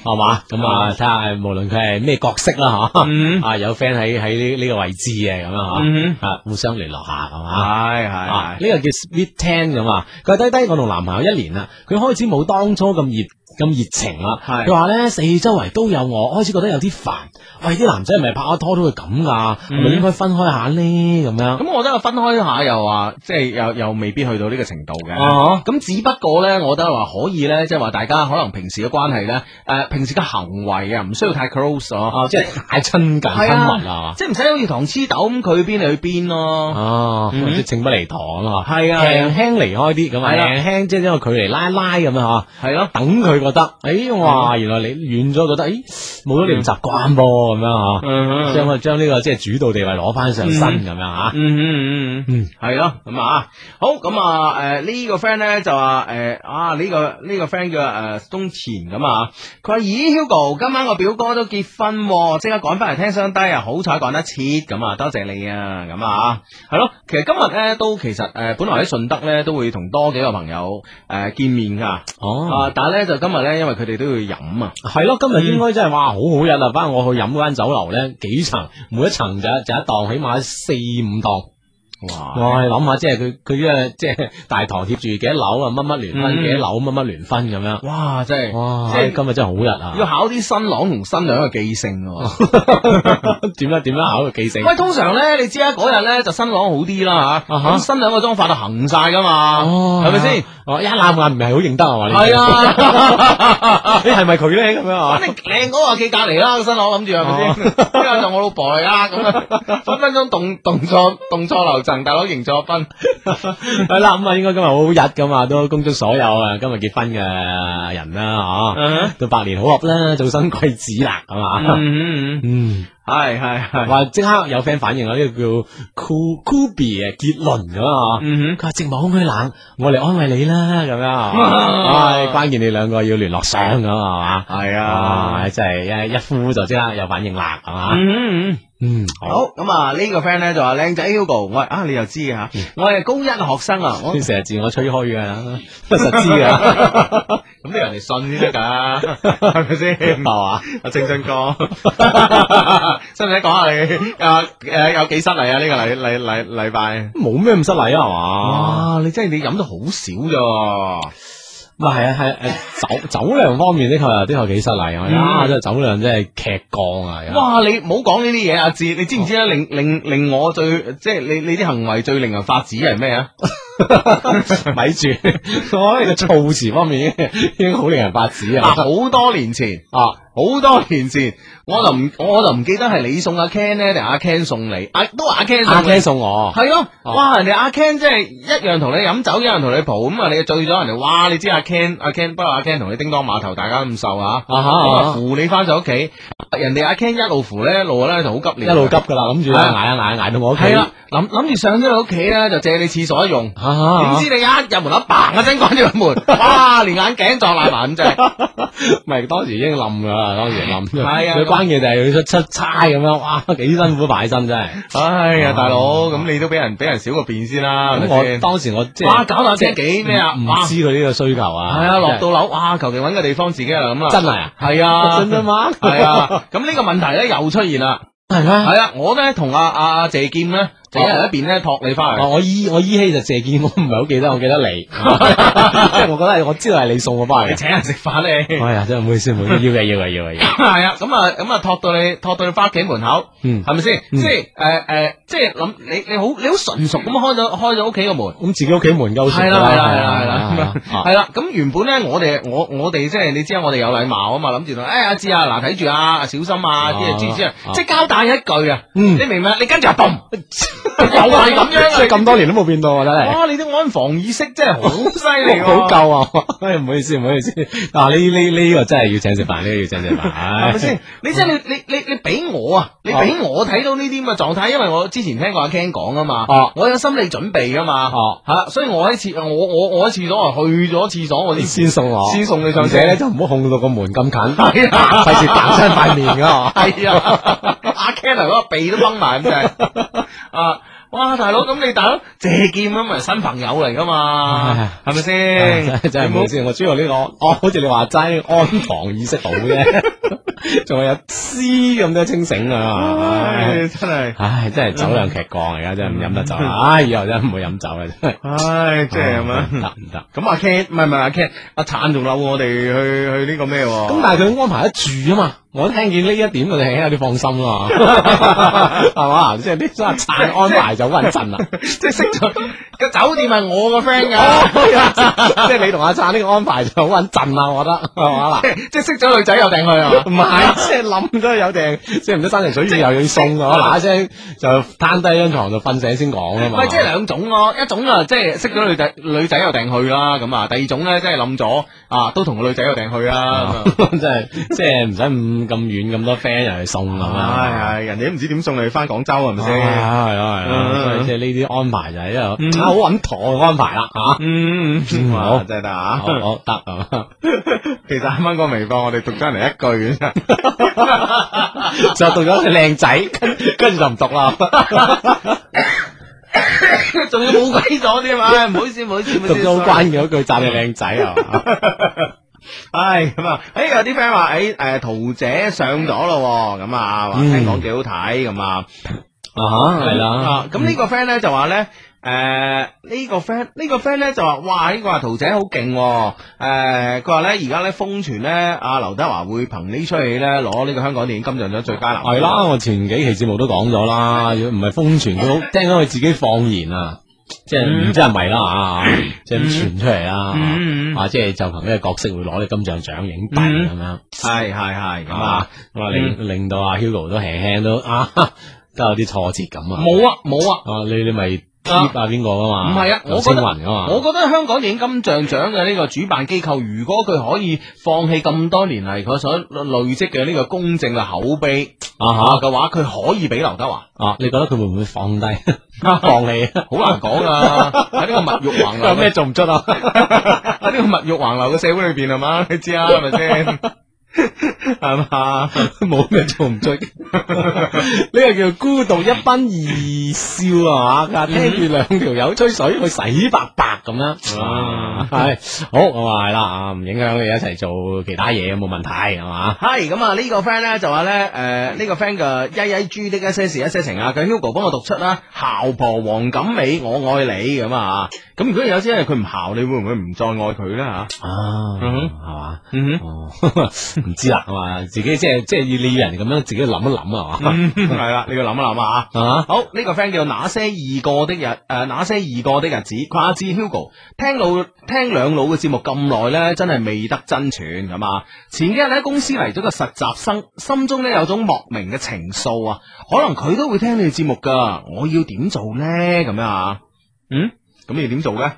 係嘛？咁啊，睇下無論佢係咩角色啦，吓啊有 friend 喺喺呢呢個位置嘅咁啊，啊互相聯絡下，係嘛？係係呢個叫 Sweet Ten 咁啊。佢話：低低，我同男朋友一年啦，佢開始冇當初咁熱。咁熱情啦，佢話咧四周圍都有我，開始覺得有啲煩。喂，啲男仔唔係拍咗拖都會咁㗎，咪應該分開下呢？咁樣。咁我覺得分開下又話，即係又又未必去到呢個程度嘅。咁只不過咧，我覺得話可以咧，即係話大家可能平時嘅關係咧，誒平時嘅行為啊，唔需要太 close 咯，即係太親近親密啊，即係唔使好似糖黐豆咁，佢去邊你去邊咯。哦，即係不離堂咯，係啊，輕輕離開啲咁啊，輕輕即係因為個距離拉拉咁樣嚇，係咯，等佢。覺得誒，哇！原來你遠咗，覺得誒，冇、哎、咗你唔習慣噃，咁樣嗬、嗯嗯，將將、這、呢個即係主導地位攞翻上身咁樣吓，嗯嗯嗯，係咯，咁啊，好，咁、呃這個呃這個這個呃、啊，誒呢個 friend 咧就話誒啊呢個呢個 friend 叫誒東前咁啊，佢話咦 Hugo，今晚個表哥都結婚、啊，即刻趕翻嚟，聽相低啊，好彩趕得切咁啊，多謝你啊，咁啊吓，係咯，其實今日咧都其實誒本來喺順德咧都會同多幾個朋友誒、呃、見面噶，哦，但係咧就今，今天。今日咧，因為佢哋都要飲啊，係咯，今日應該真係哇，嗯、好好飲啊。反正我去飲嗰間酒樓咧，幾層，每一層就就一檔，起碼四五檔。哇！我係諗下，即係佢佢嘅即係大堂貼住幾多樓啊？乜乜聯婚幾多樓乜乜聯婚咁樣。哇！真係哇！即係今日真係好日啊！要考啲新郎同新娘嘅記性。點樣？點樣？考個記性。喂，通常咧，你知啦，嗰日咧就新郎好啲啦吓。咁新娘個妝化到行晒噶嘛，係咪先？一眨眼唔係好認得啊嘛。係啊，你係咪佢咧咁樣啊？你靚哥啊，幾隔籬啦，個新郎諗住係咪先？之後就我老婆嚟啦，咁樣分分鐘動動錯動錯流走。彭大佬贏咗一分，係啦，咁啊，應該今日好日噶嘛，都恭祝所有啊今日結婚嘅人啦、啊，嗬、啊，祝、uh huh. 百年好合啦，做新貴子啦，係、啊、嘛，嗯、啊、嗯、uh huh. 嗯，係係係，話、huh. 即刻有 friend 反應、這個、i, 啊，呢個叫 Ko Kobe 嘅傑倫咁啊，佢話寂寞好鬼冷，我嚟安慰你啦，咁樣，係、啊 uh huh. 哎、關鍵你兩個要聯絡上噶嘛，係啊，真係一一呼就知啦，有反應啦，係、啊、嘛。Uh huh. uh huh. 嗯，好咁啊！呢個 friend 咧，就話靚仔 Hugo，我啊你又知嘅吓、嗯，我係高一學生啊，我先成日自我吹噓嘅，不實知嘅，咁要 人哋信先得噶，係咪先？係嘛、 啊，阿正新哥，使唔使講下你？誒、啊、誒、啊，有幾失禮啊？呢、這個禮禮禮禮拜，冇咩咁失禮啊嘛？哇！你真係你飲到好少咋？係 啊，係、啊啊、酒酒量方面，的確又的確幾失禮啊！真係、嗯、酒量真係劇降啊！哇，你唔好講呢啲嘢，阿志，你知唔知咧、哦？令令令我最即係你你啲行為最令人髮指係咩啊？ 咪住，我喺個措詞方面已經好令人髮指啊！好多年前啊，好多年前，我就唔，我就唔記得係你送阿 Ken 咧，定阿 Ken 送你？都話阿 Ken，阿 Ken 送我。係咯，哇！人哋阿 Ken 即係一樣同你飲酒，一樣同你抱咁啊！你醉咗人哋，哇！你知阿 Ken，阿 Ken 不過阿 Ken 同你叮噹碼頭，大家咁受啊！啊哈，扶你翻咗屋企，人哋阿 Ken 一路扶咧，一路咧就好急，一路急噶啦，諗住挨啊挨啊挨到我屋企。係啦，諗諗住上咗你屋企咧，就借你廁所用點知你一入門樓 bang 一聲關住個門，哇！連眼鏡撞爛埋咁滯，咪當時已經冧噶啦，當時冧咗。係啊，去關嘢就係去出出差咁樣，哇！幾辛苦擺身真係。哎呀，大佬，咁你都俾人俾人少個便先啦。咁我當時我即係哇，搞到即係幾咩啊？唔知佢呢個需求啊。係啊，落到樓哇，求其揾個地方自己就咁啦。真係啊，係啊，真嘅嘛。咁呢個問題咧又出現啦，係啊，係啊，我咧同阿阿謝劍咧。請人一邊咧托你翻嚟，我依我依稀就謝見，我唔係好記得，我記得你，即係我覺得我知道係你送我翻嚟，你請人食飯你，係啊，真唔好意思，唔好意思。要嘅要嘅要嘅，係啊，咁啊咁啊，托到你托到你翻屋企門口，嗯，係咪先？即係誒誒，即係諗你你好你好純熟咁開咗開咗屋企個門，咁自己屋企門勾住啦，係啦係啦係啦係啦，係啦，咁原本咧我哋我我哋即係你知啊我哋有禮貌啊嘛，諗住話誒，阿志啊，嗱，睇住啊，小心啊啲啊，諸如此類，即係交代一句啊，你明唔明？你跟住啊嘣！又係咁樣啊！即係咁多年都冇變到啊，真係！哇，你啲安防意識真係好犀利喎！好夠啊！唔好意思，唔好意思。嗱，你你呢個真係要請食飯，呢個要請食飯。係咪先？你真係你你你你俾我啊！你俾我睇到呢啲咁嘅狀態，因為我之前聽過阿 Ken 講啊嘛。哦。我有心理準備㗎嘛。哦。嚇，所以我喺廁，我我我喺廁所啊，去咗廁所我先先送我，先送你上車咧，就唔好控到個門咁近，費事彈親塊面啊！係啊！阿 Ken 嗰個鼻都崩埋咁就，啊，哇，大佬，咁你大佬借劍咁咪新朋友嚟㗎嘛，係咪先？真係冇先，我中意呢個，哦，好似你話齋安房意識好啫，仲有詩咁都清醒啊，真係，唉，真係酒量劇降，而家真係唔飲得酒，唉，以後真係唔會飲酒嘅真係，唉，真係咁樣，得唔得？咁阿 Ken 唔係唔係阿 Ken，阿燦仲留我哋去去呢個咩喎？咁但係佢安排得住啊嘛。我聽見呢一點，我哋有啲放心啦，係嘛？即係啲阿燦安排就好穩陣啦， 即係識咗 個酒店係我個 friend 噶，即係 你同阿燦呢個安排就好穩陣啊！我覺得係嘛嗱， 即係識咗女仔又訂去啊？唔係、啊， 即係諗咗有訂， 即係唔知山長水遠 又要送啊，嗱聲就攤低張床就瞓醒先講啊嘛。喂，即係兩種咯，一種啊，即係識咗女仔，女仔又訂去啦。咁啊，第二種咧，即係諗咗。就是啊，都同個女仔有定去啊，真係，即係唔使咁咁遠咁多 friend 入去送啊，係係，人哋都唔知點送你翻廣州係咪先？係啊係啊，所以即係呢啲安排就係一個好穩妥嘅安排啦，吓，嗯好，真係得啊，好得啊，其實啱啱個微博我哋讀出嚟一句，嘅就讀咗句靚仔，跟跟住就唔讀啦。仲 要冇鬼咗添啊！唔好意思，唔 好意思，唔好意思。咁都關咗句讚你靚仔啊！係咁啊！哎，有啲 friend 話，誒、哎，誒，桃姐上咗咯，咁、嗯嗯嗯、啊，聽講幾好睇，咁啊，係啦，咁、嗯、呢個 friend 咧就話咧。誒，呢個 friend 呢個 friend 咧就話，哇，呢個阿桃姐好勁，誒，佢話咧而家咧瘋傳咧，阿劉德華會憑呢出戲咧攞呢個香港電影金像獎最佳男。係啦，我前幾期節目都講咗啦，如果唔係瘋傳，佢好聽到佢自己放言啊，即係唔知係咪啦啊，即係咁傳出嚟啦，啊，即係就憑呢個角色會攞啲金像獎影帝咁樣。係係係，啊，令令到阿 Hugo 都輕輕都啊，都有啲挫折感啊。冇啊冇啊，你你咪。接啊邊個噶嘛？唔係啊，我覺得我覺得香港電影金像獎嘅呢個主辦機構，如果佢可以放棄咁多年嚟，佢所累積嘅呢個公正嘅口碑啊哈，嘅話，佢可以俾劉德華啊？你覺得佢會唔會放低？放棄？好難講啊！喺呢個物慾橫流，有咩做唔出啊？喺呢個物慾橫流嘅社會裏邊，係嘛？你知啊，係咪先？係嘛，冇咩 做唔出？呢個叫孤獨一賓二笑啊嘛，聽住兩條友吹水，佢洗白白咁啦。係好，咁啊係啦啊，唔影響你一齊做其他嘢，冇問題係嘛。係咁啊，呢個 friend 咧就話咧，誒、嗯，呢個 friend 嘅一一豬的一些事一些情啊，佢 Hugo 幫我讀出啦。姣婆黃錦美，我愛你咁啊吓。咁如果有啲係佢唔姣，你會唔會唔再愛佢咧吓？啊，係嘛，唔知啦，係嘛？自己即係即係要你人咁樣自己諗一諗啊，係啦、嗯， 你要諗一諗啊，係、啊、好，呢、這個 friend 叫做「那些易過的日子誒，那、呃、些易過的日子。誇之 Hugo，聽老聽兩老嘅節目咁耐呢，真係未得真傳，係嘛？前幾日喺公司嚟咗個實習生，心中呢有種莫名嘅情愫啊，可能佢都會聽你嘅節目噶，我要點做呢？咁樣啊？嗯，咁你點做呢？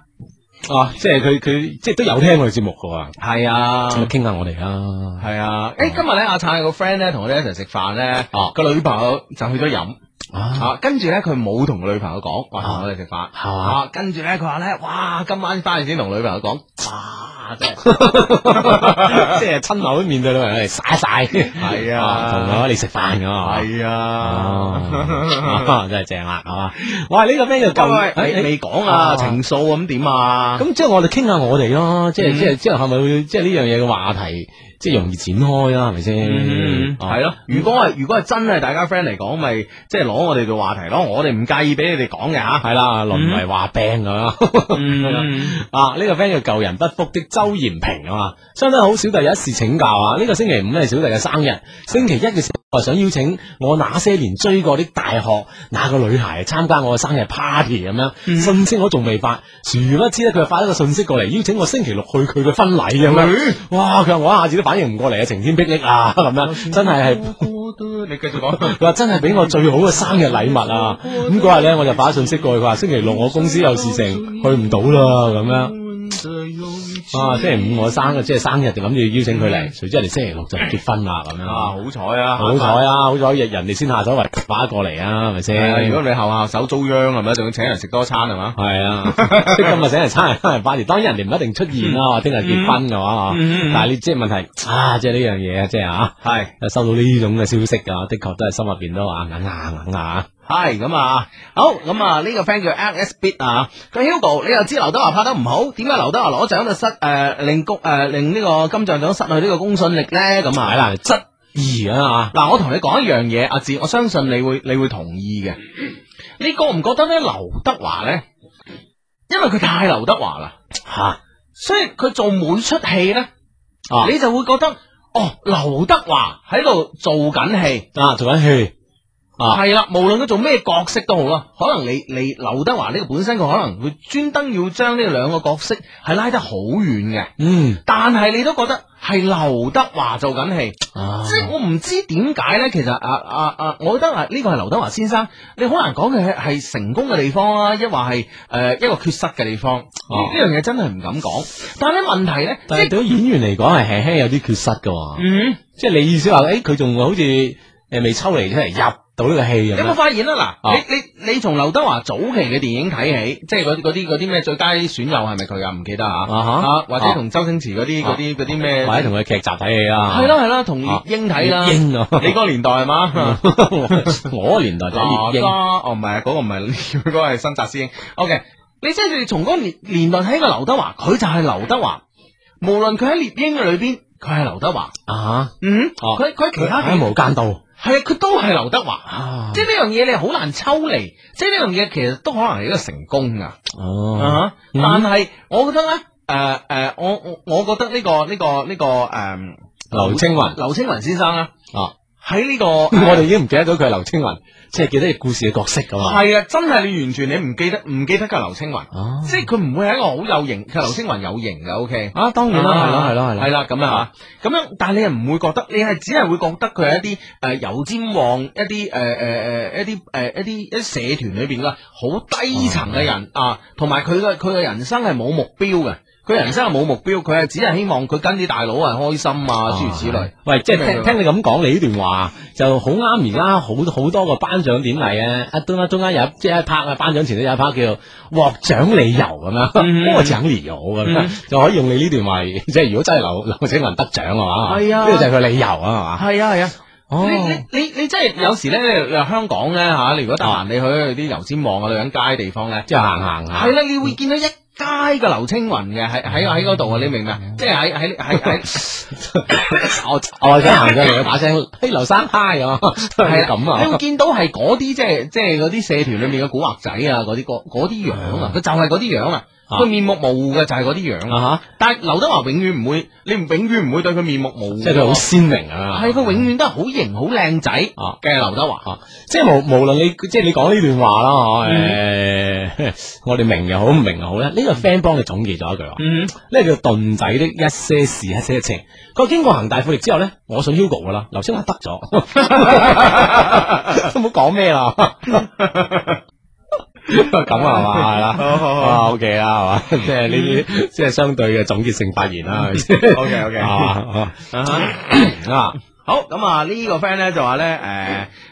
哦、啊，即係佢佢即係都有聽我哋節目噶喎，係啊，傾下我哋啊。係啊，誒、哎，今日咧、嗯、阿燦有個 friend 咧同我哋一齊食飯咧，哦、啊，個女朋友就去咗飲。啊，跟住咧佢冇同女朋友講，話同我哋食飯。啊，跟住咧佢話咧，哇，今晚翻去先同女朋友講，哇，即係即係親口面對女朋友嚟晒晒。係啊，同我哋食飯㗎嘛。係啊，真係正啦，係嘛。哇，呢個 friend 未講啊，情數咁點啊？咁即係我哋傾下我哋咯，即係即係即係係咪會即係呢樣嘢嘅話題？即係容易展開啦，係咪先？係咯，如果係如果係真係、嗯、大家 friend 嚟講，咪即係攞我哋嘅話題咯。我哋唔介意俾你哋講嘅吓，係啦，淪為話柄咁啊！呢、嗯啊這個 friend 叫救人不福的周延平啊嘛，先生好，小弟有一事請教啊。呢、這個星期五係小弟嘅生日，星期一嘅時候想邀請我那些年追過啲大學那個女孩參加我嘅生日 party 咁樣。嗯嗯、信息我仲未發，殊不知咧佢就發一個信息過嚟邀請我星期六去佢嘅婚禮咁樣。哇！佢話我一下子都～反應唔過嚟啊！晴天霹靂啊！咁樣真係係，你繼續講，佢話真係俾我最好嘅生日禮物啊！咁嗰日咧，我就發信息過去話：星期六我公司有事情去唔到啦咁樣。啊！星期五我生日，即係生日就諗住邀請佢嚟，誰知人哋星期六就結婚啦咁樣。啊！好彩啊！好彩啊！好彩，人人哋先下手為快過嚟啊，係咪先？如果你後下手遭殃，係咪仲要請人食多餐係嘛？係啊，即今日請人餐，拜年。當然人哋唔一定出現啦，聽日結婚嘅嗬。但係你即係問題啊，即係呢樣嘢，即係啊，係收到呢種嘅消息啊，的確都係心入邊都話硬下硬下。係咁啊，好咁啊，呢個 friend 叫 L S B t 啊，佢 Hugo，你又知劉德華拍得唔好，點解劉德華攞獎就失誒、呃、令公誒、呃、令呢個金像獎失去呢個公信力咧？咁啊，係啦，質疑啊。嗱我同你講一樣嘢，阿志，我相信你會你會同意嘅，你覺唔覺得咧劉德華咧，因為佢太劉德華啦吓，所以佢做每出戲咧，你就會覺得哦劉德華喺度做緊戲，啊做緊戲。啊，係啦，無論佢做咩角色都好啦，可能你你劉德華呢個本身佢可能會專登要將呢兩個角色係拉得好遠嘅，嗯，但係你都覺得係劉德華做緊戲，啊、即係我唔知點解咧。其實啊啊啊，我覺得啊呢個係劉德華先生，你好難講嘅係成功嘅地方啊，抑或係誒、呃、一個缺失嘅地方，呢樣嘢真係唔敢講。但係啲問題咧，即係對演員嚟講係輕輕有啲缺失嘅，嗯哼，即係你意思話誒佢仲好似誒未抽離出嚟入。到呢個戲有冇發現啦？嗱，你你你從劉德華早期嘅電影睇起，即係嗰啲啲咩最佳選友係咪佢啊？唔記得啊，或者同周星馳嗰啲啲啲咩，或者同佢劇集睇戲啊？係啦係啦，同獵鷹睇啦。獵鷹啊，你嗰個年代係嘛？我個年代就獵鷹。哦，唔係，嗰個唔係，嗰個係新紮師鷹。O K，你即係從嗰個年年代睇個劉德華，佢就係劉德華。無論佢喺獵鷹嘅裏邊，佢係劉德華。啊，嗯，佢佢其他嘅《無間道》。係啊，佢都係劉德華啊！即係呢樣嘢你好難抽離，即係呢樣嘢其實都可能係一個成功噶。哦、嗯啊，但係我覺得咧，誒誒，我我覺得呢個、呃呃覺得呢個呢、呢個呢個誒，呃、劉青雲，劉青雲先生啊。啊喺呢個，我哋已經唔記得咗佢係劉青雲，即係記得嘅故事嘅角色㗎嘛？係啊，真係你完全你唔記得，唔記得㗎劉青雲，即係佢唔會係一個好有型。佢劉青雲有型嘅，O K 啊，當然啦，係咯，係咯，係啦，係啦，咁樣吓，咁樣，但係你又唔會覺得，你係只係會覺得佢係一啲誒油尖旺一啲誒誒誒一啲誒一啲一社團裏邊嘅好低層嘅人啊，同埋佢嘅佢嘅人生係冇目標嘅。佢人生係冇目標，佢係只係希望佢跟啲大佬啊開心啊諸如此類。喂，即係聽聽你咁講你呢段話就好啱。而家好好多個頒獎典禮啊，一中間中間有即係一 part 啊，頒獎前都有一 part，叫獲獎理由咁樣，獲獎理由咁樣，就可以用你呢段話，即係如果真係劉劉青雲得獎啊嘛，係啊，呢就係佢理由啊嘛，係啊係啊，你你你你真係有時咧，香港咧嚇，你如果得閒你去啲油尖旺啊、女人街地方咧，即係行行下，係啦，你會見到一街 high 個劉青雲嘅，喺喺喺嗰度啊，你明啊，即係喺喺喺喺，我我我想行咗嚟，打聲嘿劉生嗨咁啊，係咁啊，你會見到係嗰啲即係即係嗰啲社團裏面嘅古惑仔啊，嗰啲嗰嗰啲樣啊，就係嗰啲樣，是的樣啊。佢、啊、面目模糊嘅就係嗰啲樣啊哈，但係劉德華永遠唔會，你永遠唔會對佢面目模糊，即係佢好鮮明啊！係佢永遠都係好型好靚仔。哦、啊，梗劉德華。哦、啊啊，即係無無論你即係你講呢段話啦、嗯欸，我我哋明又好唔明又好咧，呢、這個 fan 幫你總結咗一句話。嗯，呢叫鈍仔的一些事一些情。佢經過恆大富力之後咧，我信 Hugo 噶啦，劉德華得咗， 都唔好講咩啦。 咁啊嘛，係啦，好，好，好，OK 啊，係嘛，即係呢啲，即係相對嘅總結性發言啦。OK，OK，啊，好，咁啊呢個 friend 咧就話咧，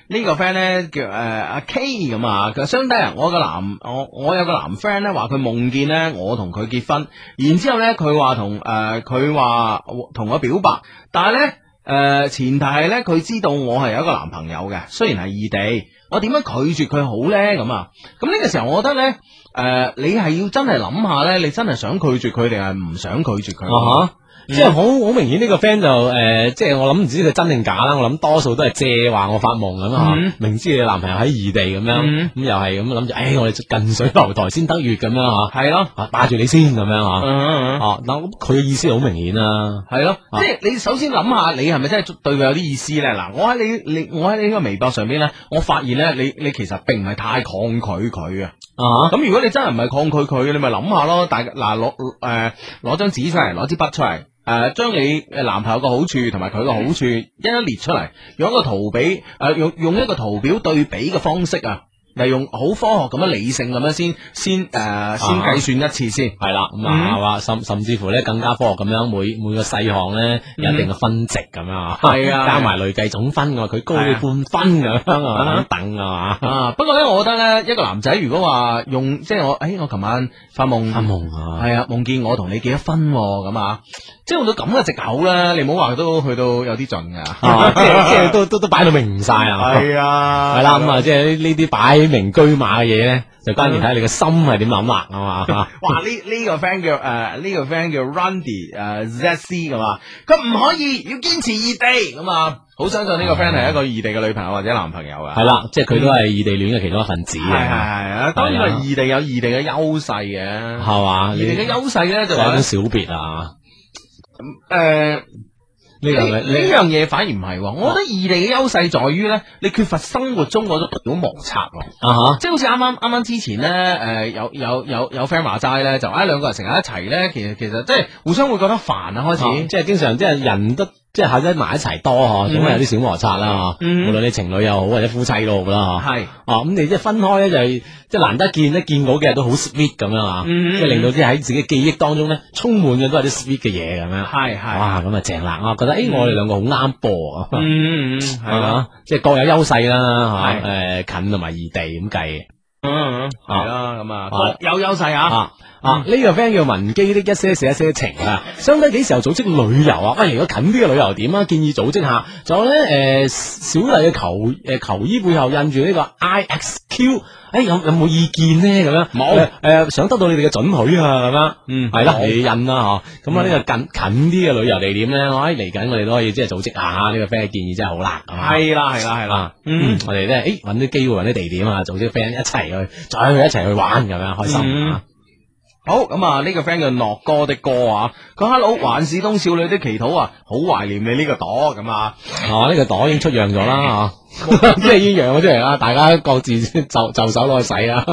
誒，呢個 friend 咧叫誒阿 K 咁啊，佢相抵啊，我個男，我我有個男 friend 咧話佢夢見咧我同佢結婚，然之後咧佢話同誒佢話同我表白，但係咧誒前提係咧佢知道我係有一個男朋友嘅，雖然係異地。我點樣拒絕佢好咧？咁啊，咁呢個時候我覺得咧，誒，你係要真係諗下咧，你真係想拒絕佢定係唔想拒絕佢？啊哈！嗯、即係好好明顯呢個 friend 就誒、呃，即係我諗唔知佢真定假啦。我諗多數都係借話我發夢咁啊，嗯、明知你男朋友喺異地咁樣，咁、嗯、又係咁諗住，誒、哎，我哋近水樓台先得月咁樣吓。係咯的，霸住你先咁樣吓。哦、嗯，咁佢嘅意思好明顯啦、啊。係咯的，啊、即係你首先諗下，你係咪真係對佢有啲意思咧？嗱，我喺你你我喺你呢個微博上邊咧，我發現咧你你，你其實並唔係太抗拒佢啊。咁如果你真係唔係抗拒佢，你咪諗下咯。但嗱攞誒攞張紙出嚟，攞支筆出嚟。誒，將、啊、你誒男朋友嘅好處同埋佢嘅好處一一列出嚟，用一個圖比誒、啊、用用一個圖表對比嘅方式啊。利用好科學咁樣理性咁樣先先誒先計算一次先係啦咁啊，甚甚至乎咧更加科學咁樣，每每個細項咧有一定嘅分值，咁啊，係啊，加埋累計總分外佢高你半分咁啊，等等啊嘛。不過咧，我覺得咧一個男仔如果話用即係我誒我琴晚發夢發夢啊係啊夢見我同你幾多分咁啊，即係用到咁嘅藉口咧，你唔好話都去到有啲盡，噶，即係即係都都都擺到明唔晒啊係啊係啦咁啊即係呢啲擺。啲名駒馬嘅嘢咧，就關鍵睇下你嘅心係點諗啦，係嘛、嗯？哇！呢呢、這個 friend 叫誒，呢、呃這個 friend 叫 Randy 誒，ZC 咁啊，佢、呃、唔、這個呃呃、可以要堅持異地，咁、呃、啊，好相信呢個 friend 係、哎、一個異地嘅女朋友或者男朋友啊。係啦，即係佢都係異地戀嘅其中一份子。係係係啊，當然係異地有異地嘅優勢嘅，係嘛？異地嘅優勢咧就係小別啊，誒、呃。呢樣呢樣嘢反而唔係喎，我覺得異地嘅優勢在於咧，你缺乏生活中嗰種摩擦喎，啊嚇、uh，huh. 即係好似啱啱啱啱之前咧，誒、呃、有有有有 friend 話齋咧，就啊兩個人成日一齊咧，其實其實即係互相會覺得煩啊開始，uh huh. 即係經常即係人都。即係喺埋一齊多嗬，咁有啲小摩擦啦嗬。無論你情侶又好，或者夫妻都好啦嗬。係，哦咁你即係分開咧就係即係難得見，一見嗰幾日都好 sweet 咁樣啊，即係令到啲喺自己記憶當中咧，充滿嘅都係啲 sweet 嘅嘢，咁樣。係係，哇咁啊正啦，我覺得誒我哋兩個好啱播。嗯係啊，即係各有優勢啦吓，誒近同埋異地咁計。係啦，咁啊有優勢啊。啊！呢個 friend 叫文基的一些事一些情啊，相睇幾時候組織旅遊啊？喂，如果近啲嘅旅遊點啊，建議組織下。仲有咧，誒，小弟嘅球誒球衣背後印住呢個 I X Q，誒，有有冇意見呢？咁樣冇誒，想得到你哋嘅准許啊，咁啊，嗯，係啦，印啦嗬。咁啊，呢個近近啲嘅旅遊地點咧，可以嚟緊，我哋都可以即係組織下呢個 friend 建議，真係好啦。係啦，係啦，係啦，嗯，我哋咧，誒，搵啲機會，搵啲地點啊，組織 friend 一齊去，再一齊去玩，咁樣開心好咁啊！呢個 friend 叫諾哥的哥啊，佢 hello，環市東少女的祈禱啊，好懷念你呢個朵。咁啊，啊呢個朵已經出讓咗啦，即係已經讓咗出嚟啦，大家各自就就手攞去洗啊，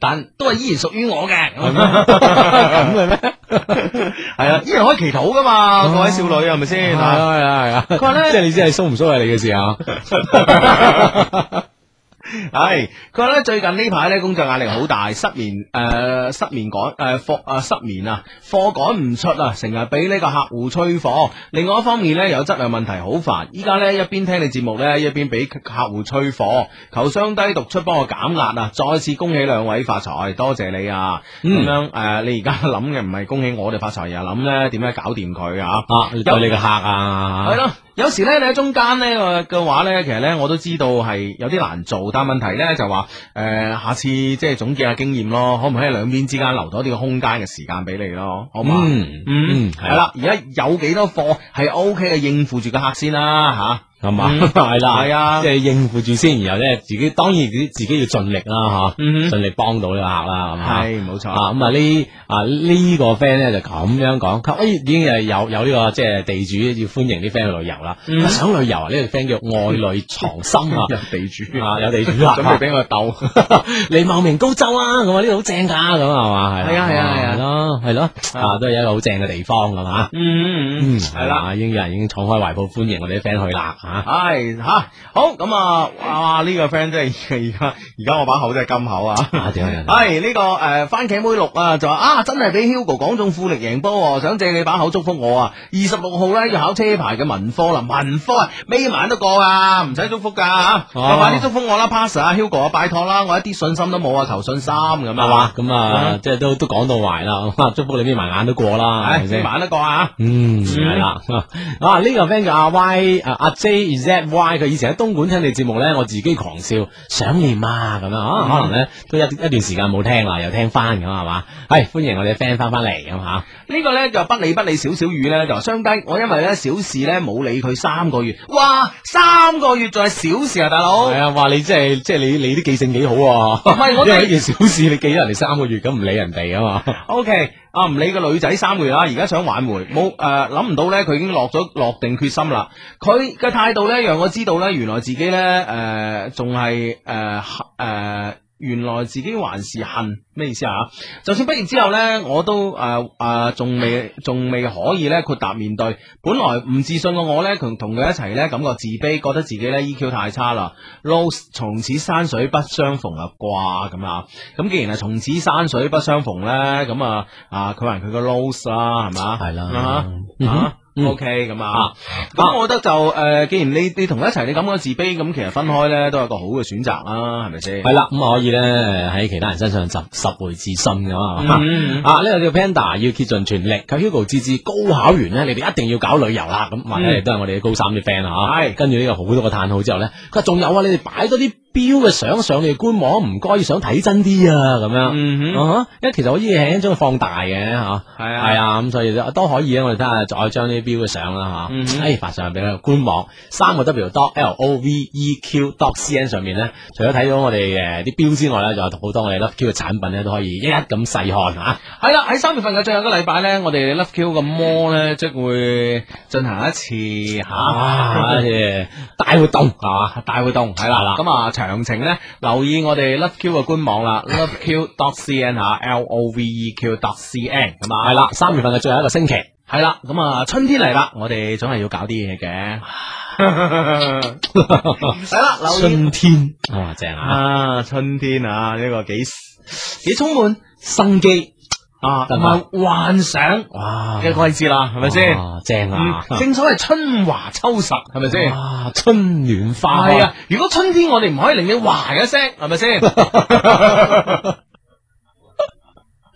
但都係依然屬於我嘅。咁係咩？係啊，依然可以祈禱噶嘛，各位少女係咪先？係啊係啊，佢話咧，即係你知係蘇唔蘇係你嘅事啊。係，佢話咧最近呢排咧工作壓力好大，失眠誒、呃，失眠趕誒貨啊失眠啊，貨趕唔出啊，成日俾呢個客戶催貨。另外一方面呢，有質量問題煩，好煩。依家呢，一邊聽你節目呢，一邊俾客戶催貨，求雙低讀出，幫我減壓啊！再次恭喜兩位發財，多謝你啊！咁、嗯、樣誒、呃，你而家諗嘅唔係恭喜我哋發財，而係諗咧點樣搞掂佢啊！啊，有你個客啊，係咯。有時呢，你喺中間呢個嘅話呢，其實呢，我都知道係有啲難做，但係問題呢就話，誒、呃，下次即係總結下經驗咯，可唔可以兩邊之間留多啲個空間嘅時間俾你咯，好嘛、嗯？嗯嗯，係啦了，而家的有幾多貨係 O K 嘅應付住個客先啦、啊，吓、啊。係嘛，係啦，係啊，即係應付住先，然後咧自己當然自己要盡力啦，吓，盡力幫到呢個客啦，係嘛，係冇錯，咁啊呢啊呢個 friend 咧就咁樣講，已經係有有呢個即係地主要歡迎啲 friend 去旅遊啦，想旅遊啊？呢個 friend 叫愛女藏心入地主，啊，有地主準備俾我斗嚟茂名高州啊，咁啊呢度好正噶，咁係嘛，係啊係啊係咯，係咯，啊都係一個好正嘅地方，係嘛，嗯嗯嗯，係啦，已經有人已經敞開懷抱歡迎我哋啲 friend 去啦。係吓、啊哎啊、好咁啊！哇呢、這個 friend 真係而家而家我把口真係金口啊！係呢、 啊哎這個誒、呃、番茄妹六啊，就話、是、啊真係俾 Hugo 講中富力贏波，想借你把口祝福我啊！二十六號咧要考車牌嘅文科啦，文科眯埋眼都過啊，唔使祝福噶吓。我話祝福我啦，Pass 啊 Hugo 啊，拜託啦，我一啲信心都冇啊，求信心咁啊，係嘛？咁啊，即係都都講到壞啦，祝福你眯埋眼都過啦，眯埋眼都過啊！嗯，係啦。啊呢、這個 friend 叫阿 Y 啊阿 J。r Y 佢以前喺東莞聽你節目呢，我自己狂笑想念啊咁樣啊，mm hmm. 可能呢，都一一段時間冇聽啦，又聽翻咁係嘛，係、哎、歡迎我哋 friend 翻翻嚟咁吓。呢個呢，就是、不理不理少少雨呢，就是、相低。我因為呢小事呢，冇理佢三個月，哇三個月仲係小事啊，大佬。係啊，話你即係即係你你啲記性幾好啊？唔係我是 因為一件小事你記咗人哋三個月咁唔理人哋啊嘛。O K。啊！唔理個女仔三個月啦，而家想挽回冇誒，諗唔到咧，佢已經落咗落定決心啦。佢嘅態度咧，讓我知道咧，原來自己咧誒，仲係誒誒。原來自己還是恨咩意思啊？就算畢業之後呢，我都誒誒，仲、呃呃、未仲未可以呢豁達面對。本來唔自信嘅我呢，同同佢一齊呢，感覺自卑，覺得自己呢 EQ 太差啦。Rose 從此山水不相逢啊，掛咁啊。咁既然係從此山水不相逢呢，咁啊啊，佢話佢個 Rose 啦，係、啊、咪？係啦、啊。哼 O K，咁啊，咁我覺得就誒，uh, 既然你你同佢一齊，你感覺自卑，咁其實分開咧都係個好嘅選擇啦，係咪先？係啦，咁、嗯、可以咧喺其他人身上拾拾回自信噶嘛。嗯、啊、呢、呢個叫 Panda，要竭盡全力。佢 Hugo 自芝高考完呢，你哋一定要搞旅遊啦。咁，或、嗯、者、嗯、都係我哋啲高三啲 friend 啦吓。係的，跟住呢個好多個嘆號之後咧，佢仲有啊，你哋擺多啲。表嘅相上你官網唔該想睇真啲啊咁樣，啊，因為其實可以輕輕將佢放大嘅吓，係啊，係啊，咁所以都可以啊。我哋睇下再將啲表嘅相啦吓，哎，發上俾個官網，三個 w dot l o v e q dot c n 上面咧，除咗睇到我哋誒啲表之外咧，就係好多我哋 love q 嘅產品咧都可以一一咁細看嚇。係啦，喺三月份嘅最後一個禮拜咧，我哋 love q 嘅 mall 咧即會進行一次嚇大活動係嘛，大活動係啦啦，咁啊。詳情咧，留意我哋 LoveQ 嘅官網啦，LoveQ dot cn 吓，L O V E Q dot cn 係嘛？係啦，三月份嘅最後一個星期，係啦，咁啊春天嚟啦，我哋總係要搞啲嘢嘅。唔使啦，春天啊正 啊，春天啊呢、這個幾幾充滿生機。啊，同埋幻想嘅季節啦，係咪先？正啊，正所謂春華秋實，係咪先？哇、啊，春暖花開。係啊，如果春天我哋唔可以令你哇一聲，係咪先？咁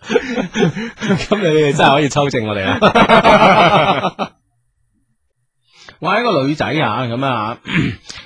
你哋真係可以抽正我哋啦。 我係一個女仔啊，咁樣啊，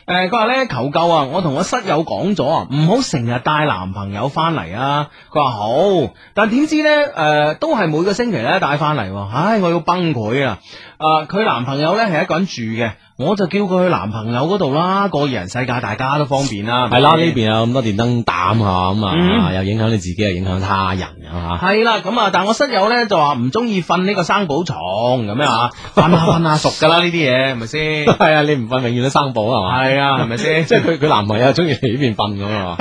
誒，佢話咧，求救啊，我同我室友講咗啊，唔好成日帶男朋友翻嚟啊，佢話好，但點知咧，誒、呃，都係每個星期咧帶翻嚟，唉，我要崩潰啊，誒、呃，佢男朋友咧係一個人住嘅。.我就叫佢去男朋友嗰度啦，個人世界大家都方便啦。係啦，呢邊有咁多電燈膽吓，咁啊，嗯、又影響你自己，又影響他人，係嘛？係啦，咁啊，但係我室友咧就話唔中意瞓呢個生保床咁樣啊，瞓下瞓下熟噶 啦呢啲嘢，係咪先？係啊，你唔瞓永遠都生保啊，係嘛？係啊，係咪先？即係佢佢男朋友中意呢邊瞓咁啊？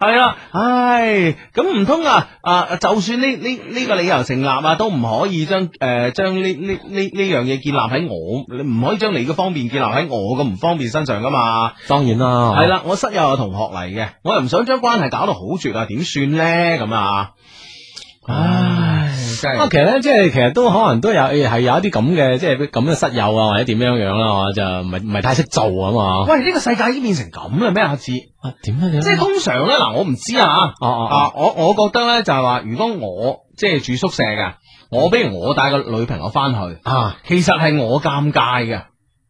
係啊，唉，咁唔通啊？啊，就算呢呢呢個理由成立啊，都唔可以將誒將呢呢呢呢樣嘢建立喺我你唔。 可以將你嘅方便建立喺我嘅唔方便身上噶嘛？當然啦，係啦，我室友係同學嚟嘅，我又唔想將關係搞到好絕啊，點算咧？咁啊，唉，啊，其實咧，即係其實都可能都有係有一啲咁嘅，即係咁嘅室友啊，或者點樣樣啦，就唔係唔係太識做啊嘛？喂，呢個世界已經變成咁啦？咩意思？啊，點咧？即係通常咧，嗱，我唔知啊，啊，我我覺得咧就係話，如果我即係住宿舍嘅。我不如我帶個女朋友翻去啊，其實係我尷尬嘅。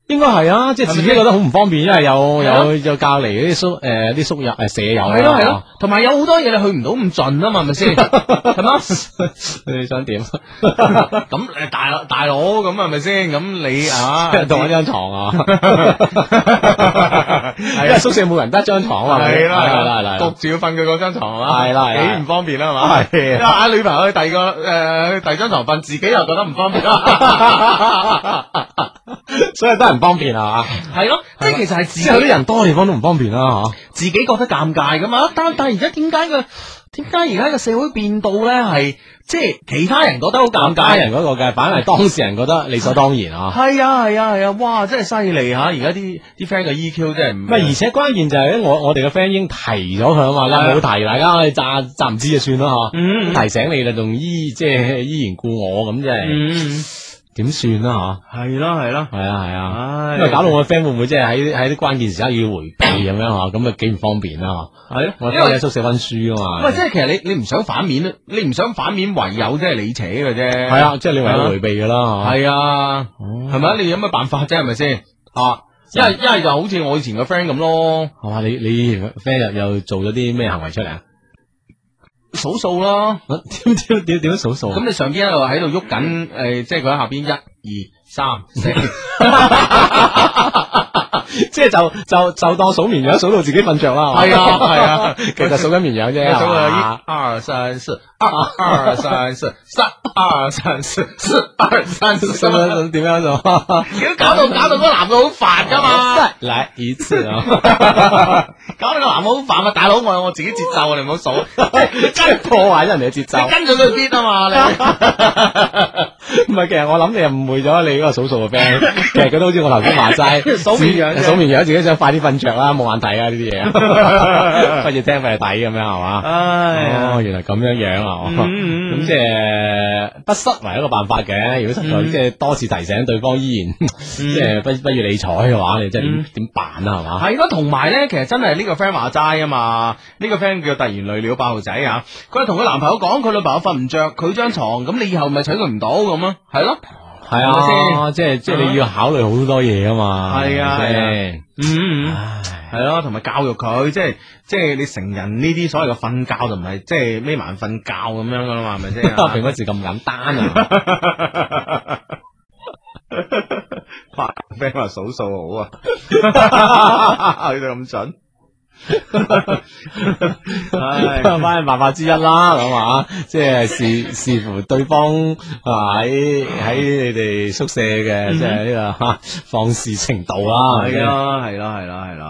應該係啊，即係自己覺得好唔方便，因為有有有隔籬啲宿誒，啲宿友誒，舍友係咯係咯，同埋有好多嘢你去唔到咁盡啊嘛，係咪先？係咩？你想點？咁大大佬咁係咪先？咁你啊，同一張床啊，因為宿舍冇人得一張床啊，係啦係啦係啦，焗住要瞓佢嗰張床係嘛，係啦，幾唔方便啦嘛，係啊，喺女朋友去第二個誒，去第二張床瞓，自己又覺得唔方便。 所以都係唔方便啊！係咯的，吧即係其實係，自己，即係啲人多嘅地方都唔方便啦吓。自己覺得尷尬噶嘛，的但但而家點解個點解而家個社會變到咧係，即係其他人覺得好尷尬，那個，人個嘅，反係當事人覺得理所當然啊！係啊係啊係啊！哇，真係犀利吓！而家啲啲 friend 嘅 EQ 真係唔唔，而且關鍵就係我我哋嘅 friend 已經提咗佢啊嘛，冇的提，大家暫暫唔知就算啦吓。嗯嗯、提醒你啦，仲依即係依然故我咁即係。點算啦吓？係啦係啦，係啊係啊，因為搞到我 friend 會唔會即係喺喺啲關鍵時刻要回避咁樣吓，咁啊幾唔方便啦吓。係，我因為喺宿舍溫書啊嘛。喂，即係其實你你唔想反面，你唔想反面，唯有即係你扯嘅啫。係啊，即係你唯有回避㗎啦。係啊，係咪你有乜辦法啫？係咪先啊？因為因為就好似我以前個 friend 咁咯。係嘛？你你 friend 又又做咗啲咩行為出嚟啊？數數咯，點點點樣數數。咁、啊、你上邊一路喺度喐緊，誒、呃，即係佢喺下邊一二三四。即係就就就當數綿羊，數到自己瞓着啦。係啊係啊，啊其實數緊綿羊啫、啊。一、啊、二三四二三四三二三四四二三四，十分鐘點樣做？ 搞到搞到個男嘅好煩噶嘛！嚟一次啊！搞到個男嘅好煩啊！大佬我有我自己節奏啊，你唔好數，真係 破壞咗人哋嘅節奏。跟咗佢邊啊嘛！你！唔係， 其實我諗你係誤會咗你嗰個數數嘅 friend，其實佢都好似我頭先話齋數綿羊。如果自己想快啲瞓着啦，冇眼睇啊！呢啲嘢，不 如聽，不如睇咁樣係嘛？唉、哎呀哦，原來咁樣樣啊！咁即係不失為一個辦法嘅。如果實在即係多次提醒、嗯、對方依然即係、嗯、不不如理睬嘅話，你即係點點辦啊？係嘛？係咯。同埋咧，其實真係呢個 friend 話齋啊嘛。呢、這個 friend 叫突然累了八號仔啊，佢係同佢男朋友講，佢女朋友瞓唔着，佢張床咁，你以後咪娶佢唔到咁啊？係咯。係 啊，即係 即係你要考慮好多嘢噶嘛，係 啊，嗯，係 咯樂，同埋、啊、教育佢，即係即係你成人呢啲所謂嘅瞓覺就唔係即係孭晚瞓覺咁樣噶啦嘛，係咪先？ 平時咁簡單啊，阿兵話數數好啊，你哋咁準。翻翻係辦法之一啦，咁、就、啊、是，即係視視乎對方喺喺你哋宿舍嘅即係呢個放肆程度啦。係咯、嗯呀，係咯，係咯，係咯。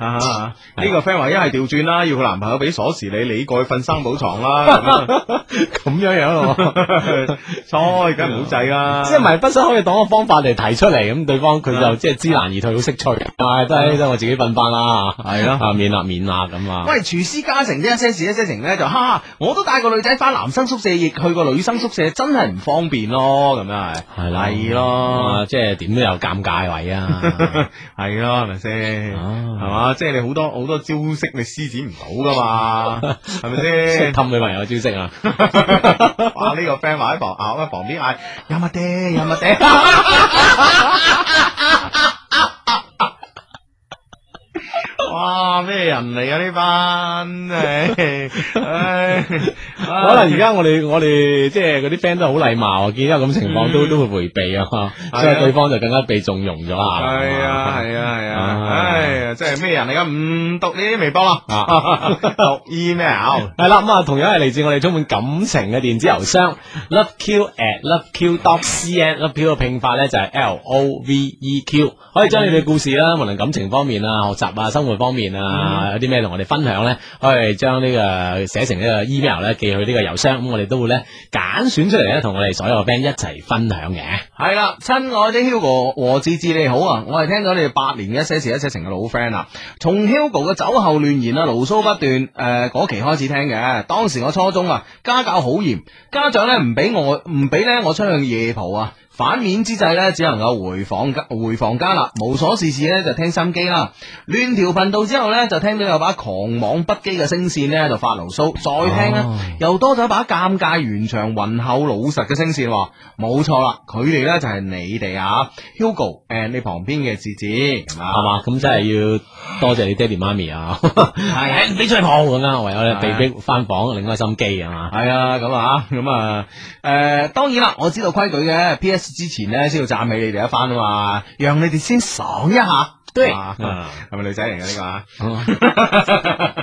啊，呢個 friend 話一係調轉啦，要佢男朋友俾鎖匙你，你過去瞓生寶床啦。咁 小 Chat 樣樣，錯梗唔好制啦。即係唔係，不需可以當個方法嚟提出嚟，咁對方佢就即係知難而退，好識趣。係真係，真係我自己瞓翻啦。係咯、啊，下 面。面啊，咁樣，喂！廚師家成啫，一些事一些情咧，就哈，我都帶個女仔返男生宿舍，亦去過女生宿舍，真係唔方便咯。咁啊，係啦，係咯，即係點都有尷尬位啊，係咯，係咪先？係嘛，即係你好多好多招式你施展唔到噶嘛，係咪先？氹女朋友招式啊！哇，呢個 friend 話喺旁啊，我喺旁邊嗌，有乜爹，有乜爹。哇！咩人嚟噶？呢班唉唉。可能而家我哋我哋即係嗰啲 friend 都好禮貌，見到咁情況都、嗯、都會回避啊，嗯、 所以對方就更加被縱容咗啦。係啊係啊係啊，唉、哎呀，即係咩人嚟噶？唔、嗯、讀呢啲微博啊， 讀 email。係啦，咁啊，同樣係嚟自我哋充滿感情嘅電子郵箱 loveq at loveq dot cn，loveq 嘅拼法咧就係 l o v e q，可以將你哋嘅故事啦，無論感情方面啊、學習啊、生活方面啊，有啲咩同我哋分享咧，可以將呢個寫成呢個 email 咧。去呢個郵箱咁，我哋都會咧揀選出嚟咧，同我哋所有 band 一齊分享嘅。係啦，親 愛的 Hugo 和志志，你好啊，我係聽咗你哋八年嘅一些事一些情嘅老 friend 啊，從 Hugo 嘅酒後亂言啊、牢騷不斷誒嗰期開始聽嘅。當時我初中啊，家教好嚴，家長咧唔俾我唔俾咧我出去夜蒲啊。反面之際咧，只能夠回房間，回房間啦。無所事事咧，就聽心機啦。亂條頻道之後咧，就聽到有把狂妄不羈嘅聲線咧，就發牢騷。再聽咧，又多咗一把尷尬圓場、渾厚老實嘅聲線。冇、哦、錯啦，佢哋咧就係你哋啊，Hugo 誒、啊，你旁邊嘅子子係嘛？咁、啊 啊、真係要多謝，謝你爹哋媽咪啊！係， 比賽鋪咁啱，唯有你避避翻房、啊，另開心機係嘛？係啊，咁啊，咁啊，誒、呃，當然啦，我知道規矩嘅。P.S. 之前咧先要讚美你哋一番啊嘛，讓你哋先爽一下，對，係咪哇、嗯、女仔嚟嘅呢個？啊？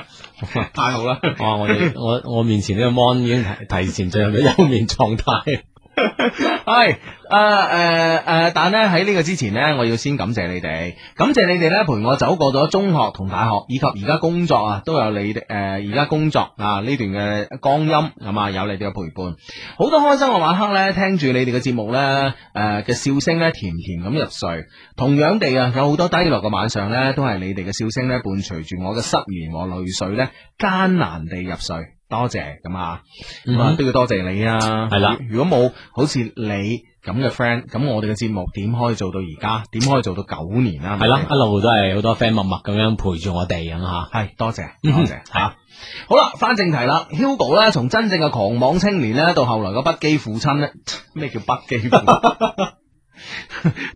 太好啦！ 哇，我我我面前呢個 mon 已經提前進入咗休眠狀態。 係啊，誒誒，但呢，喺呢個之前呢，我要先感謝你哋，感謝你哋呢，陪我走過咗中學同大學，以及而家工作啊，都有你哋誒，呃、而家工作啊呢段嘅光陰，係嘛有你哋嘅陪伴，好多開心嘅晚黑呢，聽住你哋嘅節目呢誒、呃、嘅笑聲呢，甜甜咁入睡；同樣地啊，有好多低落嘅晚上呢，都係你哋嘅笑聲呢，伴隨住我嘅失眠和淚水呢，艱難地入睡。多謝咁啊，嗯、都要多謝你啊！係啦的，如果冇好似你咁嘅 friend，咁我哋嘅節目點可以做到而家？點可以做到九年啊？係啦，一路都係好多 friend 默默咁樣陪住我哋咁吓。係多謝，多謝吓。嗯、好啦，翻正題啦，Hugo 咧，從真正嘅狂妄青年咧，到後來嘅不羈父親咧，咩叫不羈？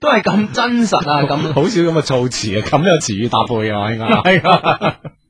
都係咁真實啊！咁好少咁嘅措辭啊！咁有詞語搭配啊！應該。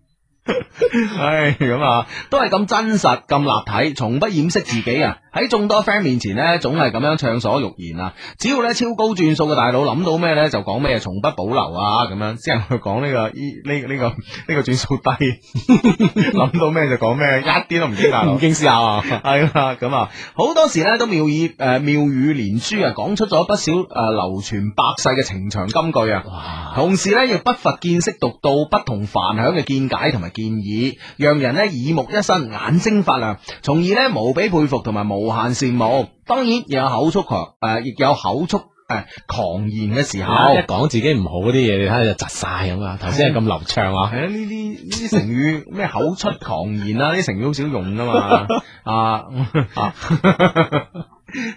唉，咁、 哎、啊，都係咁真實、咁立體，從不掩飾自己啊！喺眾多 friend 面前呢，總係咁樣暢所欲言啊！只要呢超高轉數嘅大佬諗到咩呢，就講咩，從不保留啊！咁樣先去講呢個呢呢呢個呢、呢個呢個轉數低，諗 到咩就講咩，一啲都唔驚訝，唔驚訝啊！係咁啊，好多時呢，都妙語誒、呃、妙語連珠啊，講出咗不少誒、呃、流傳百世嘅情長金句啊！哇同時呢，亦不乏見識獨到、不同凡響嘅見解同埋見。建議讓人咧耳目一新、眼睛發亮，從而咧無比佩服同埋無限羨慕。當然，有口出狂誒，亦、呃、有口出誒、呃、狂言嘅時候，講、啊、自己唔好啲嘢，你睇下就窒晒咁啊！頭先係咁流暢啊！係啊，呢啲呢啲成語咩口出狂言啊？呢啲 成語好少用噶嘛啊 啊！啊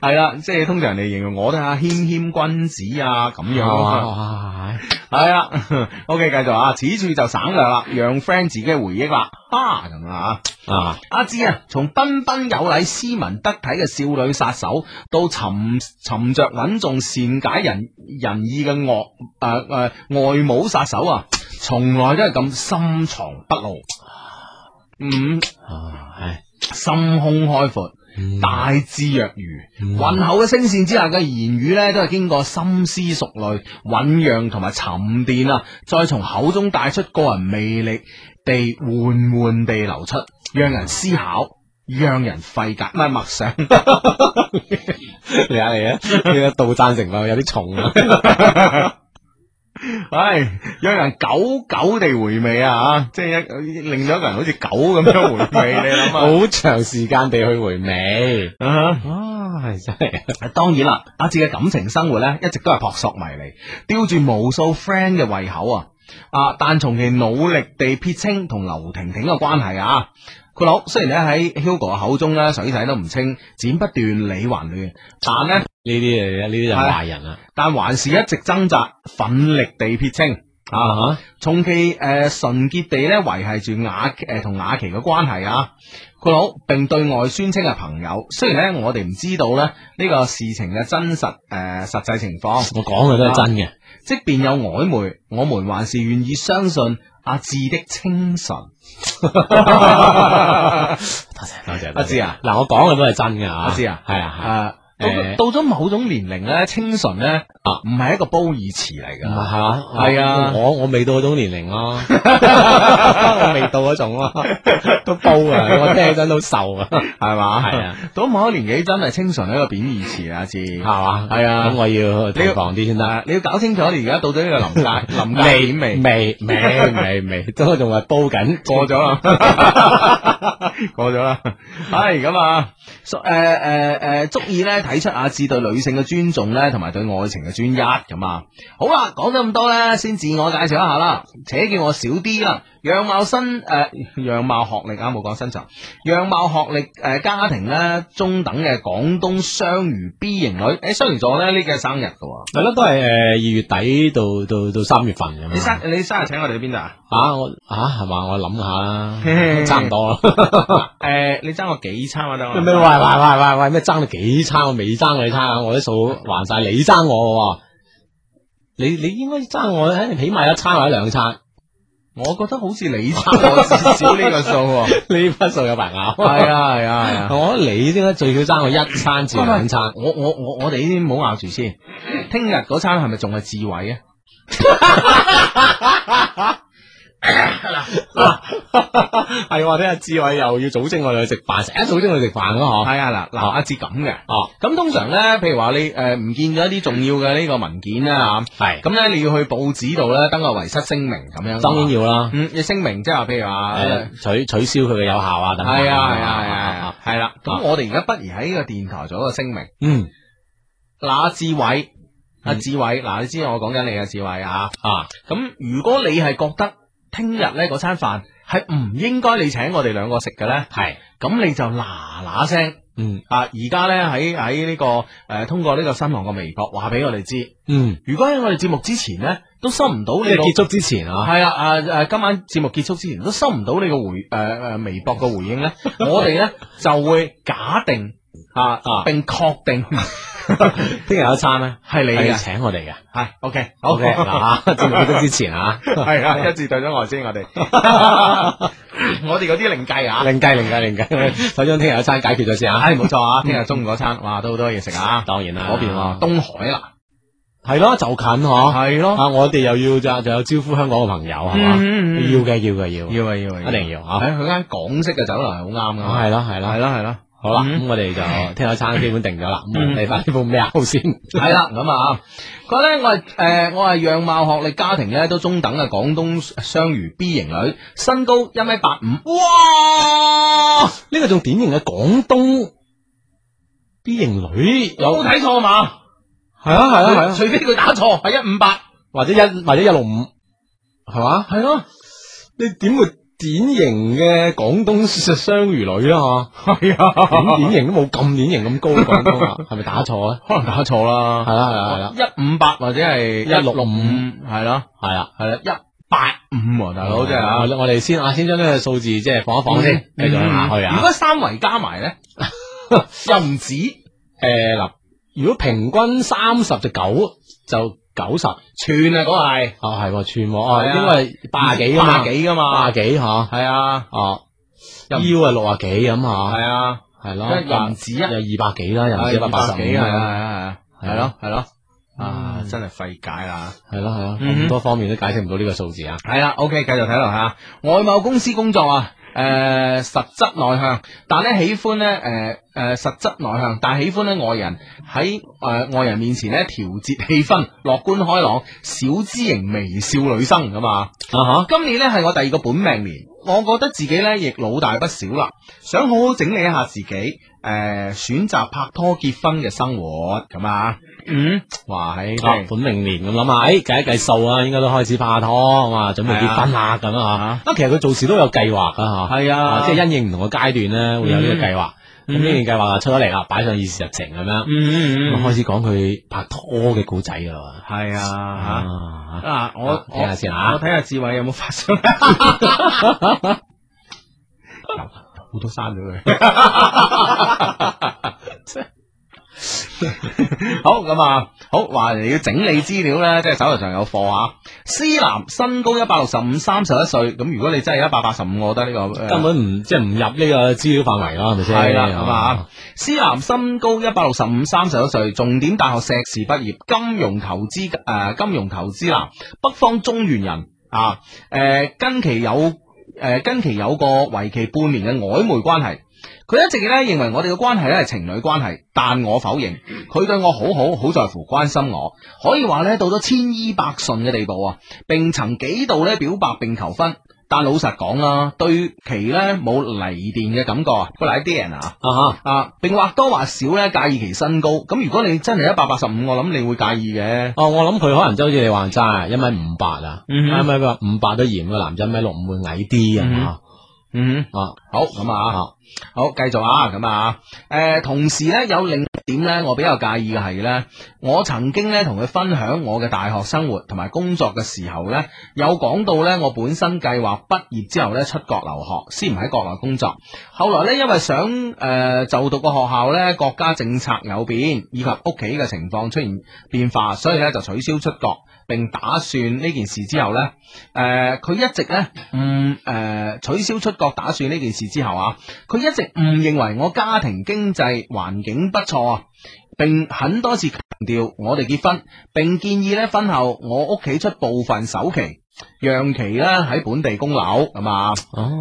係啦， 即係通常人哋形容我都係謙謙君子啊，咁樣啊，係啊哇 ，OK，繼續啊，此處就省略啦，讓 friend 自己回憶啦，啊，咁啊，啊，阿芝啊，從彬彬有禮、斯文得體嘅少女殺手，到沉沉着穩重、善解人人意嘅岳誒誒外母殺手啊，從來都係咁深藏不露，嗯，係心胸開闊。大智若愚，渾厚嘅聲線之下嘅言語呢，都係經過深思熟慮、醞釀同埋沉澱啊，再從口中帶出個人魅力地緩緩地流出，讓人思考，讓人費解，唔係默想嚟啊嚟啊，呢個倒贊成啊，啊成有啲重啊。 係、哎，有人久久地回味啊！吓，即係一令到一個人好似狗咁樣回味， 你諗啊，好 長時間地去回味 啊！係真係。當然啦，阿哲嘅感情生活咧，一直都係撲朔迷離，吊住無數 friend 嘅胃口啊！啊，但從其努力地撇清同劉婷婷嘅關係啊，佢佬雖然咧喺 Hugo 嘅口中咧水洗都唔清，剪不斷理還亂，但咧。 呢啲誒，呢啲就壞人啦。但還是一直掙扎，奮力地撇清啊，從佢誒純潔地咧維繫住雅誒同雅琪嘅關係啊，佢好，並對外宣稱係朋友。雖然咧我哋唔知道咧呢個事情嘅真實誒實際情況，我講嘅都係真嘅。即便有曖昧，我們還是願意相信阿志的清純。多謝多謝阿志啊！嗱，我講嘅都係真嘅啊！我知啊，係啊。咁到咗某種年齡咧，清純咧啊，唔係一個褒義詞嚟噶，係嘛？係啊，我我未到嗰種年齡咯，未到嗰種咯，都煲啊，我聽起身都瘦啊，係嘛？係啊，到某一年紀真係清純係一個貶義詞啊，似係嘛？係啊，咁我要提防啲先得。你要搞清楚，你而家到咗呢個臨界臨未未未未未未，都仲話煲緊，過咗啦，過咗啦，係咁啊，誒誒誒，足以咧。睇出阿智對女性嘅尊重咧，同埋對愛情嘅專一咁啊！好啦，講咗咁多咧，先自我介紹一下啦，且叫我少啲啦。樣貌身誒、呃，樣貌學歷啊，冇講身材。樣貌學歷誒、呃，家庭咧中等嘅廣東雙魚 B 型女。誒，雙魚座咧呢個係生日噶，係咯，都係誒二月底到到到三月份嘅嘛。你生你生日請我哋去邊度啊？啊，我啊係嘛，我諗下啦，差唔多啦。誒 imposed、哎呃，你爭、 哎呃、我幾差、哎呃、我得？咩、哎呃？喂喂喂喂喂咩？爭你幾差？嗯未爭嘅，你猜下，我啲數還晒，你爭我喎。你你應該爭我，起碼一餐或者兩餐。我覺得好似你爭我 少呢個數、哦，呢筆數有白咬。係啊係啊係啊，啊啊我覺得你先啦，最少爭我一餐至兩餐。 我我我我哋先唔好咬住先。聽日嗰餐係咪仲係智慧？啊？ 嗱嗱，係我聽阿志偉又要組織我哋去食飯，成日組織我哋去食飯咯嗬。係啊，嗱嗱阿志咁嘅哦。咁通常咧，譬如話你誒唔見咗一啲重要嘅呢個文件咧吓，係咁咧你要去報紙度咧登個遺失聲明咁樣，當然要啦。嗯，要聲明即係話譬如話取取消佢嘅有效啊，等等。係啊係啊係啊，係啦。咁我哋而家不如喺呢個電台做一個聲明。嗯，嗱阿志偉，阿志偉，嗱你知我講緊你啊，志偉啊啊。咁如果你係覺得，聽日呢嗰餐飯係唔應該你請我哋兩個食嘅呢，係咁你就嗱嗱聲，嗯啊而家呢喺喺呢個誒、呃、通過呢個新浪嘅微博話俾我哋知，嗯如果喺我哋節目之前呢都收唔到你，即係結束之前啊，係啊誒、啊、今晚節目結束之前都收唔到你個回，誒誒、呃、微博嘅回應呢， 我哋呢就會假定。啊啊！並確定聽日有一餐咧，係你請我哋嘅。係，OK，好。嗱啊，做決策之前啊，係啊，一次對咗我先，我哋。我哋嗰啲另計啊，另計，另計，另計。首先聽日有一餐解決咗先啊，係冇錯啊。聽日中午嗰餐，哇，都好多嘢食啊。當然啦，嗰邊東海啦，係咯，就近呵，係咯。啊，我哋又要就就有招呼香港嘅朋友係嘛？要嘅要嘅要，要啊要啊，一定要啊。喺佢間港式嘅酒樓係好啱嘅，係啦係啦係啦係啦。好啦，咁我哋就聽下餐基本定咗啦。嗯，你翻呢部咩？先。係啦，咁啊，佢咧我係誒，我係、呃、樣貌、學歷、家庭咧都中等嘅廣東雙魚 B 型女，身高一米八五。哇！呢、啊這個仲典型嘅廣東 B 型女，錯，有冇睇錯嘛？係啊係啊係啊！啊啊啊除非佢打錯，係一五八，或者一或者一六五，係嘛？係咯，你點會？典型嘅廣東雙魚女啦、啊，嗬、啊，點典型都冇咁典型咁高嘅廣東啊，係咪打錯啊？ 可能打錯啦，係啦係啦，啦一五八或者係一六六五，係咯，係啦，係啦，一八五，5, 大佬即係啊，啊啊我哋先啊，先將呢個數字即係放一放先，嗯、繼續下去啊。如果三圍加埋咧， 又唔止，誒、呃、嗱，如果平均三十隻九，就。九十寸啊，嗰個係，哦係，寸喎，啊應該八廿幾啊，八廿幾噶嘛，八廿幾吓，係啊，哦，腰係六啊幾咁吓，係啊，係咯，又唔止一，有二百幾啦，又唔止一百八十，係啊係啊係啊，係咯係咯，啊真係費解啊，係咯係咯，咁多方面都解釋唔到呢個數字啊，係啦，OK，繼續睇落吓，外貿公司工作啊。誒、呃，實質內向，但咧喜歡咧，誒、呃、誒，實質內向，但喜歡咧外人喺誒、呃、外人面前咧調節氣氛，樂觀開朗，小資型微笑女生噶嘛，uh huh. 今年咧係我第二個本命年，我覺得自己咧亦老大不小啦，想好好整理一下自己，誒、呃，選擇拍拖結婚嘅生活咁啊！嗯，哇，喺本命年咁諗下，誒計一計數啊，應該都開始拍拖啊，準備結婚啦咁啊，啊其實佢做事都有計劃噶吓，係啊，即係因應唔同嘅階段咧，會有呢個計劃，咁呢段計劃出咗嚟啦，擺上議事日程咁樣，咁開始講佢拍拖嘅故仔咯，係啊，啊我睇下先啊，我睇下志偉有冇發生，好多刪咗佢。 好咁啊，好話要整理資料呢。即係手頭上有貨啊。施南身高一百六十五，三十一歲。咁如果你真係一百八十五，我覺得呢、這個根本唔、呃、即係唔入呢個資料範圍啦，係咪先？係啦吧，係嘛、啊。施南身高一百六十五，三十一歲，重點大學碩士畢業，金融投資誒，金融投資男，北方中原人啊。誒、呃，跟期有誒、呃，跟期有個為期半年嘅曖昧關係。佢一直咧認為我哋嘅關係咧係情侶關係，但我否認佢對我好好好在乎關心我，可以話咧到咗千依百順嘅地步啊，並曾幾度咧表白並求婚，但老實講啦，對其咧冇嚟電嘅感覺不啊，個矮啲人啊哈 啊啊，並或多或少咧介意其身高，咁如果你真係一百八十五，我諗你會介意嘅。哦，我諗佢可能即係好似你話齋一米五八啊、uh，一米個五八都嫌個男仔，米六唔會矮啲啊嗯、uh，huh、啊好咁啊。好，繼續啊，咁啊，誒、呃，同時咧有另一點咧，我比較介意嘅係咧，我曾經咧同佢分享我嘅大學生活同埋工作嘅時候咧，有講到咧我本身計劃畢業之後咧出國留學，先唔喺國內工作，後來咧因為想誒、呃、就讀個學校咧國家政策有變，以及屋企嘅情況出現變化，所以咧就取消出國。並打算呢件事之後呢誒，佢，呃、一直咧唔誒取消出國打算呢件事之後啊，佢一直唔認為我家庭經濟環境不錯啊，並很多次強調我哋結婚，並建議呢婚後我屋企出部分首期，讓其呢喺本地供樓，係嘛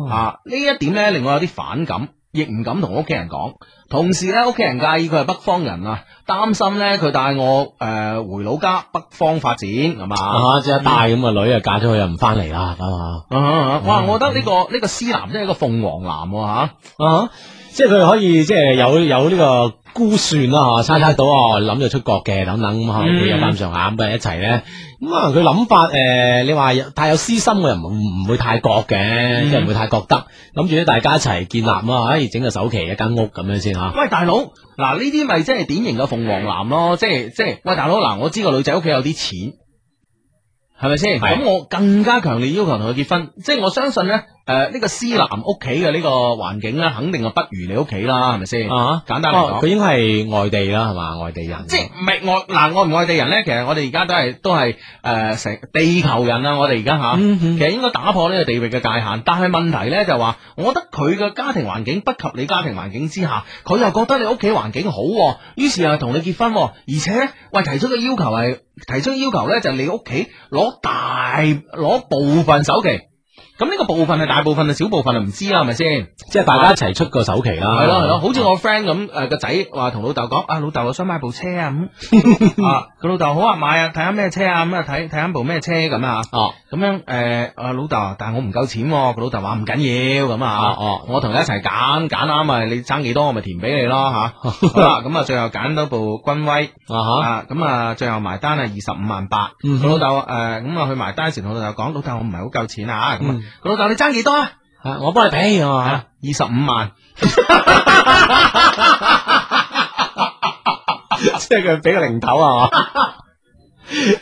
啊，呢一點呢令我有啲反感，亦唔敢同屋企人講。同時咧，屋企人介意佢係北方人啊，擔心咧佢帶我誒回、呃、老家北方發展咁嘛？啊，即係帶咁嘅女啊嫁咗去又唔翻嚟啦，咁嘛？啊哇，我覺得呢、呢個呢、呢個獅男真係一個鳳凰男喎啊！啊啊即係佢可以即係有有呢、這個估算啦，吓猜猜到諗住出國嘅等等咁，可能佢有翻上下咁一齊咧。咁可能佢諗法誒、呃，你話太有私心嘅人唔唔唔會太覺嘅，即係唔會太覺得諗住咧大家一齊建立啊，可以整個首期一間屋咁樣先吓。喂，大佬，嗱呢啲咪即係典型嘅鳳凰男咯，即係即係。喂，大佬，嗱我知個女仔屋企有啲錢，係咪先？咁的我更加強烈要求同佢結婚，即係我相信咧。誒，呢、呃這個私男屋企嘅呢個環境咧，肯定係不如你屋企啦，係咪先？啊，簡單嚟講，佢應該係外地啦，係嘛，外地人。即係唔係外嗱、呃、外唔外地人咧？其實我哋而家都係都係誒成地球人啊！我哋而家吓，huh. 其實應該打破呢個地域嘅界限。但係問題咧就話，我覺得佢嘅家庭環境不及你家庭環境之下，佢又覺得你屋企環境好、啊，於是又同你結婚、啊，而且喂、呃、提出嘅要求係提出要求咧，就係、你屋企攞大攞部分首期。咁呢個部分係大部分，係小部分，係唔知啦，係咪先？即係大家一齊出個首期啦。係咯係咯，好似我 friend 咁，誒個仔話同老豆講，啊老豆我想買部車啊咁，啊佢老豆好啊買啊，睇下咩車啊咁啊睇睇下部咩車咁啊。哦，咁樣誒啊老豆，但係我唔夠錢。個老豆話唔緊要咁啊，哦，我同你一齊揀揀啱啊，你爭幾多我咪填俾你咯吓。好啦，咁啊最後揀到部君威啊咁啊最後埋單係二十五萬八。佢老豆誒咁啊去埋單時同老豆講，老豆我唔係好夠錢啊老豆，你爭幾多啊？我幫你俾啊，二十五萬，即係佢俾個零頭啊，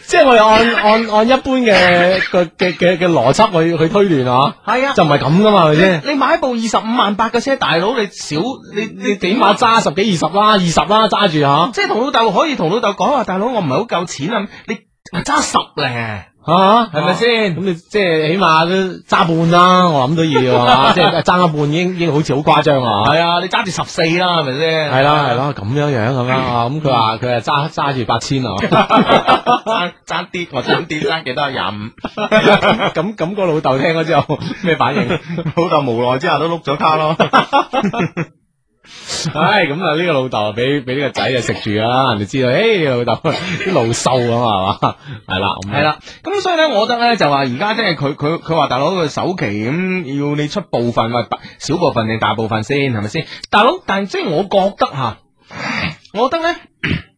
即係我哋按按按一般嘅嘅嘅嘅邏輯去去推斷啊，係啊，就唔係咁噶嘛，係咪先？你買部二十五萬八嘅車，大佬你少你你起碼揸十幾二十啦，二十啦揸住吓。即係同老豆可以同老豆講話，大佬我唔係好夠錢啊，你揸十咧。啊，係咪先？咁、啊、你即係、即係、起碼都揸半啦，我諗到嘢喎，即係爭一半已，已經已經好似好誇張啊！係啊，你揸住十四啦，係咪先？係 啦， 係啦，咁 樣樣咁啊！咁佢話佢啊揸揸住八千啊，爭爭啲，我爭啲爭幾多廿五？咁咁個老豆聽咗之後咩反應？ 老豆無奈之下都碌咗卡咯。 唉，咁、 哎、啊呢個老豆俾俾呢個仔啊食住啦，人哋知道，誒老豆啲路瘦咁係嘛，係啦，係啦，咁、 嗯、 所以咧，我覺得咧就話而家即係佢佢佢話大佬個首期咁、嗯、要你出部分喂，小部分定大部分先係咪先？大佬，但係即係我覺得吓，我覺得咧。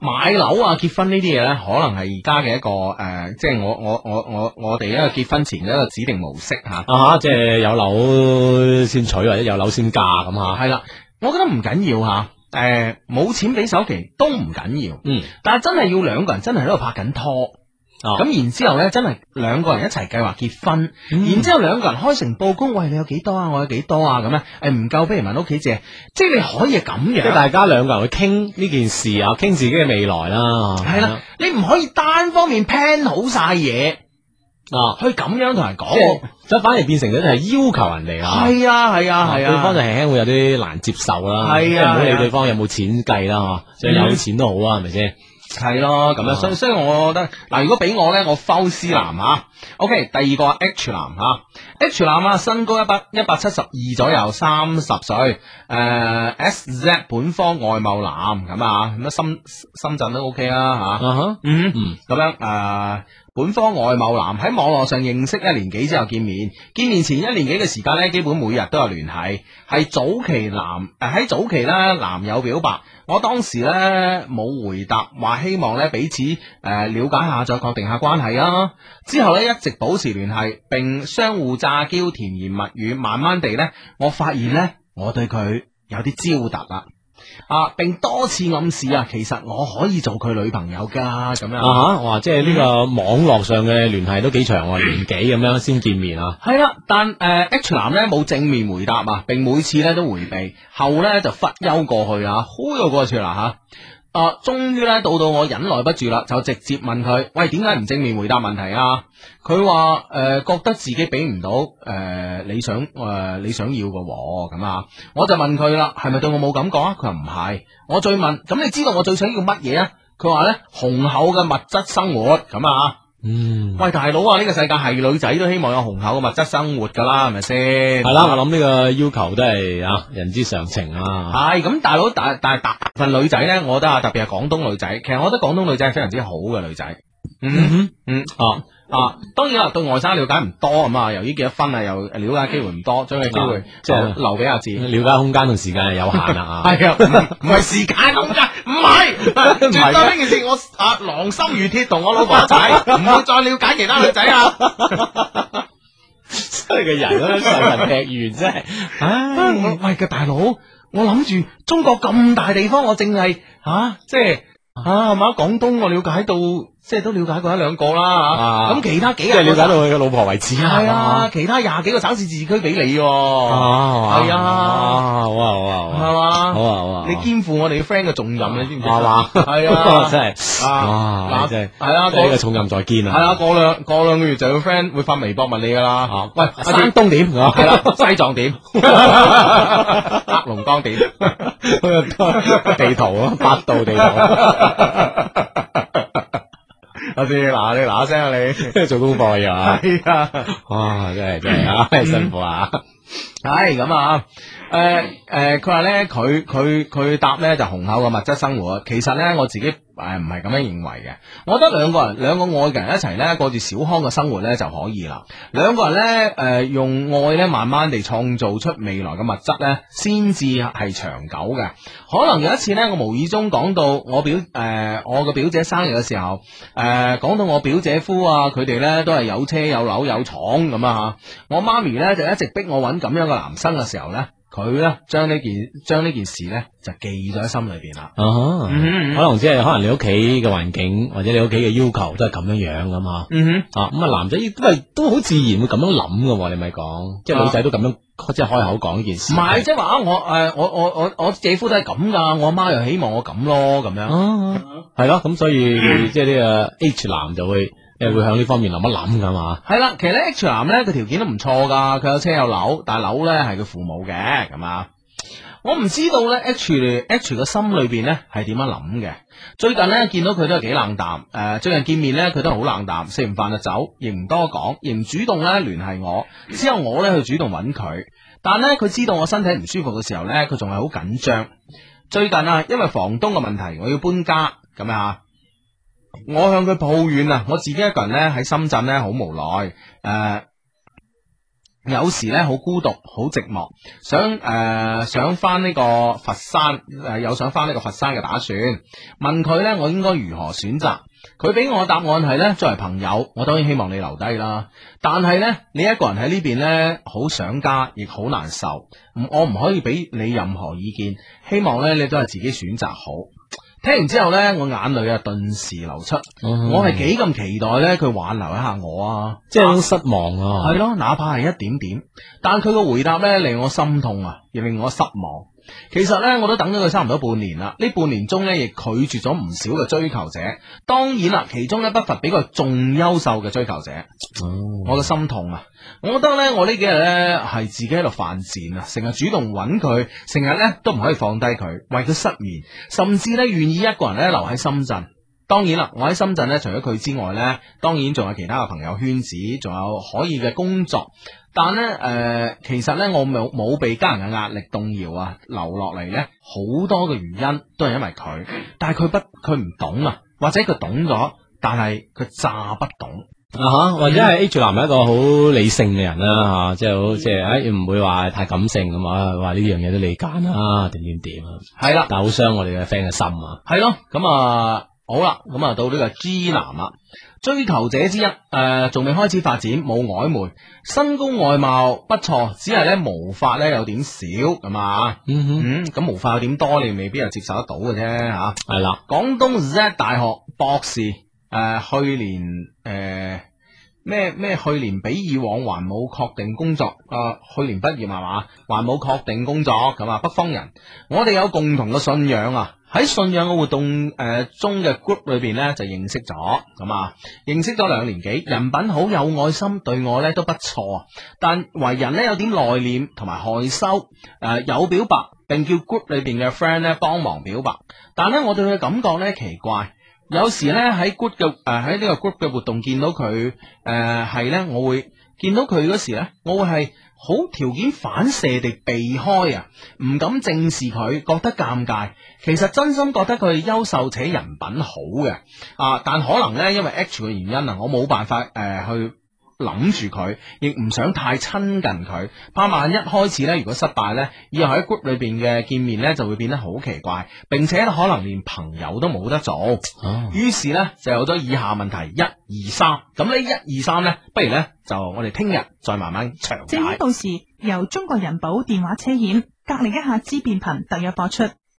買樓啊，結婚呢啲嘢呢，可能係而家嘅一個誒、呃，即係我我我我哋一個結婚前嘅一個指定模式吓。啊，啊即係有樓先娶或者有樓先嫁咁啊。係啦，我覺得唔緊要吓，誒，冇錢俾首期都唔緊要。啊呃、緊要嗯，但係真係要兩個人真係喺度拍緊拖。哦，咁然之後咧，真係兩個人一齊計劃結婚，然之後兩個人開誠布公，喂，你有幾多啊，我有幾多啊，咁咧，誒唔夠，不如問屋企借，即係你可以咁樣，即係大家兩個人去傾呢件事啊，傾自己嘅未來啦，係啦，你唔可以單方面 plan 好晒嘢啊，去咁樣同人講，即反而變成咗係要求人哋啊，係啊係啊係啊，對方就輕輕會有啲難接受啦，係啊，唔理對方有冇錢計啦，即係有錢都好啊，係咪先？係咯，咁樣，uh huh. 所以所以我覺得，嗱，如果俾我咧，我剖思男吓、啊、，OK，第二個 H 男吓、啊、，H 男啊，身高一百一百七十二左右，三十歲，誒、呃、，SZ 本科外貿男，咁啊，咁啊，深深圳都 OK 啦、啊，吓、uh，嗯哼，嗯嗯，咁、嗯、樣誒。呃本科外貿男喺網絡上認識一年幾之後見面，見面前一年幾嘅時間呢，基本每日都有聯繫。係早期男誒，喺、呃、早期呢男友表白，我當時呢冇回答，話希望呢彼此誒、呃、了解下，再確定下關係啦、啊。之後呢一直保持聯繫，並相互詐嬌甜言蜜語，慢慢地呢，我發現呢，我對佢有啲焦突啦。啊，並多次暗示啊，其實我可以做佢女朋友噶，咁樣啊吓，哇、啊，即係呢個網絡上嘅聯繫都幾長啊，嗯、年幾咁樣先見面啊，係啦，但誒、呃，H 男呢冇正面回答啊，並每次呢都回避，後呢就忽悠過去啊，好有個性啦吓。啊啊，終於咧到到我忍耐不住啦，就直接問佢：喂，點解唔正面回答問題啊？佢話：誒、呃，覺得自己俾唔到誒，你想誒、呃，你想要嘅喎、哦，咁啊，我就問佢啦，係咪對我冇感覺啊？佢話唔係，我再問，咁你知道我最想要乜嘢啊？佢話呢雄厚嘅物質生活，咁啊。嗯，喂，大佬啊，呢、這個世界係女仔都希望有雄厚嘅物質生活㗎啦，係咪先？係啦，我諗呢個要求都係啊，人之常情啊。係咁、嗯，大佬，但但係大部分女仔呢，我覺得啊，特別係廣東女仔，其實我覺得廣東女仔係非常之好嘅女仔。嗯哼，嗯，哦、嗯。啊啊，當然啦，對外省了解唔多咁啊，由於結咗婚啊，又了解機會唔多，將個機會即係留俾阿子，啊就是、了解空間同時間係有限啦、啊。 係、嗯、啊，唔係時間空間，唔係 的，絕對呢件事我啊狼心如鐵，同我老婆仔唔會再了解其他女仔啊。真係個人啦、啊，上人劈完真係，唉，喂，個大佬，我諗住中國咁大地方，我淨係吓，即係吓，係咪啊？廣、就是啊啊、東，東我了解到。即係都了解過一兩個啦，咁其他幾個了解到佢嘅老婆為止。係啊，其他廿幾個省市自治區俾你。哦，係啊，好啊，好啊，係嘛，好啊，好啊。你肩負我哋嘅 friend 嘅重任，你知唔知啊？係啊，真係啊，真係係重任在肩啊！係啊，過兩過兩個月就有 friend 會發微博問你噶啦吓。喂，山點東點係啦，西藏點？黑龍江點？地圖咯，百度地圖。我知，嗱你嗱聲啊，你， 真係做功課要啊，哇真係真係啊，真係辛苦啊，係咁啊。誒誒，佢話咧，佢佢佢答咧就雄厚嘅物質生活。其實咧，我自己誒唔係咁樣認為嘅。我覺得兩個人，兩個愛嘅人一齊咧過住小康嘅生活咧就可以啦。兩個人咧誒、呃、用愛咧慢慢地創造出未來嘅物質咧，先至係長久嘅。可能有一次咧，我無意中講到我表誒、呃、我嘅表姐生日嘅時候誒講、呃、到我表姐夫啊，佢哋咧都係有車有樓有廠咁啊吓。我媽咪咧就一直逼我揾咁樣嘅男生嘅時候咧。佢咧將呢件將呢件事咧就記咗喺心裏邊啦。哦，可能即係可能你屋企嘅環境或者你屋企嘅要求都係咁樣樣噶嘛。Mm hmm. 啊、嗯哼，啊咁啊男仔都係都好自然會咁樣諗噶。你咪講，即係女仔都咁樣即係開口講呢件事。唔係，即係話我誒我我我我姐夫都係咁噶，我阿媽又希望我咁咯，咁樣。哦，係咯、啊，咁、mm hmm. 所以即係呢個 H 男就會。誒，會向呢方面諗一諗噶嘛？係啦，其實咧 H 男咧佢條件都唔錯噶，佢有車有樓，但係樓咧係佢父母嘅咁啊。我唔知道咧 H H 嘅心裏邊咧係點樣諗嘅。最近咧見到佢都係幾冷淡，誒、呃，最近見面咧佢都係好冷淡，食完飯就走，亦唔多講，亦唔主動咧聯繫我。之後我咧去主動揾佢。但係咧佢知道我身體唔舒服嘅時候咧，佢仲係好緊張。最近啊，因為房東嘅問題，我要搬家咁啊。我向佢抱怨啊，我自己一個人咧喺深圳咧好無奈，誒、呃，有時咧好孤獨，好寂寞，想誒、呃、想翻呢個佛山，誒有想翻呢個佛山嘅打算。問佢咧，我應該如何選擇？佢俾我答案係咧，作為朋友，我當然希望你留低啦。但係咧，你一個人喺呢邊咧好想家，亦好難受。唔，我唔可以俾你任何意見，希望咧你都係自己選擇好。聽完之後呢，我眼淚啊頓時流出，嗯、我係幾咁期待呢，佢挽留一下我啊，即係好失望啊，係咯，哪怕係一點點，但佢個回答呢，令我心痛啊，亦令我失望。其實咧，我都等咗佢差唔多半年啦。呢半年中咧，亦拒絕咗唔少嘅追求者。當然啦，其中咧不乏比較仲優秀嘅追求者。Oh. 我嘅心痛啊！我覺得咧，我呢幾日咧係自己喺度犯賤啊！成日主動揾佢，成日咧都唔可以放低佢，為佢失眠，甚至咧願意一個人咧留喺深圳。當然啦，我喺深圳咧，除咗佢之外咧，當然仲有其他嘅朋友圈子，仲有可以嘅工作。但咧，誒、呃，其實咧，我冇冇被家人嘅壓力動搖啊！留落嚟咧，好多嘅原因都係因為佢，但係佢不佢唔懂啊，或者佢懂咗，但係佢詐不懂啊！嚇，或者係 H 男係一個好理性嘅人啦、啊，嚇、啊，即係好即係，誒、就、唔、是哎、會話太感性咁啊，話呢樣嘢都理揀啦，點點點啊，係啦，但好傷我哋嘅 friend 嘅心啊，係咯，咁、嗯、啊，好啦，咁、嗯、啊，到呢個 G 男啊。追求者之一，誒、呃，仲未開始發展，冇曖昧，身高外貌不錯，只係咧毛髮咧有點少，係嘛，mm hmm. 嗯，咁毛髮有點多，你未必係接受得到嘅啫，吓、啊，係啦的，廣東 Z 大學博士，誒、呃，去年誒咩咩，呃、去年比以往還冇確定工作，誒、啊，去年畢業係嘛，還冇確定工作，咁啊，北方人，我哋有共同嘅信仰啊。喺信仰嘅活動誒中嘅 group 裏邊呢，就認識咗，咁啊認識咗兩年幾，人品好，有愛心，對我呢都不錯，但為人呢，有點內斂同埋害羞，誒、呃、有表白並叫 group 裏邊嘅 friend 呢幫忙表白，但呢，我對佢嘅感覺呢，奇怪，有時呢，喺 group 嘅誒喺呢個 group 嘅活動見到佢誒係呢，我會。見到佢嗰時呢，我會係好條件反射地避開啊，唔敢正視佢，覺得尷尬。其實真心覺得佢係優秀且人品好嘅，啊，但可能呢，因為 H 嘅原因啊，我冇辦法誒、呃、去。諗住佢，亦唔想，想太親近佢，怕萬一開始咧，如果失敗咧，以後喺 group 裏邊嘅見面咧，就會變得好奇怪，並且可能連朋友都冇得做。於是咧就有咗以下問題，一二三。咁呢一二三咧，不如咧就我哋聽日再慢慢詳解。正於到時由中國人保電話車險，隔離一下之變頻特約播出。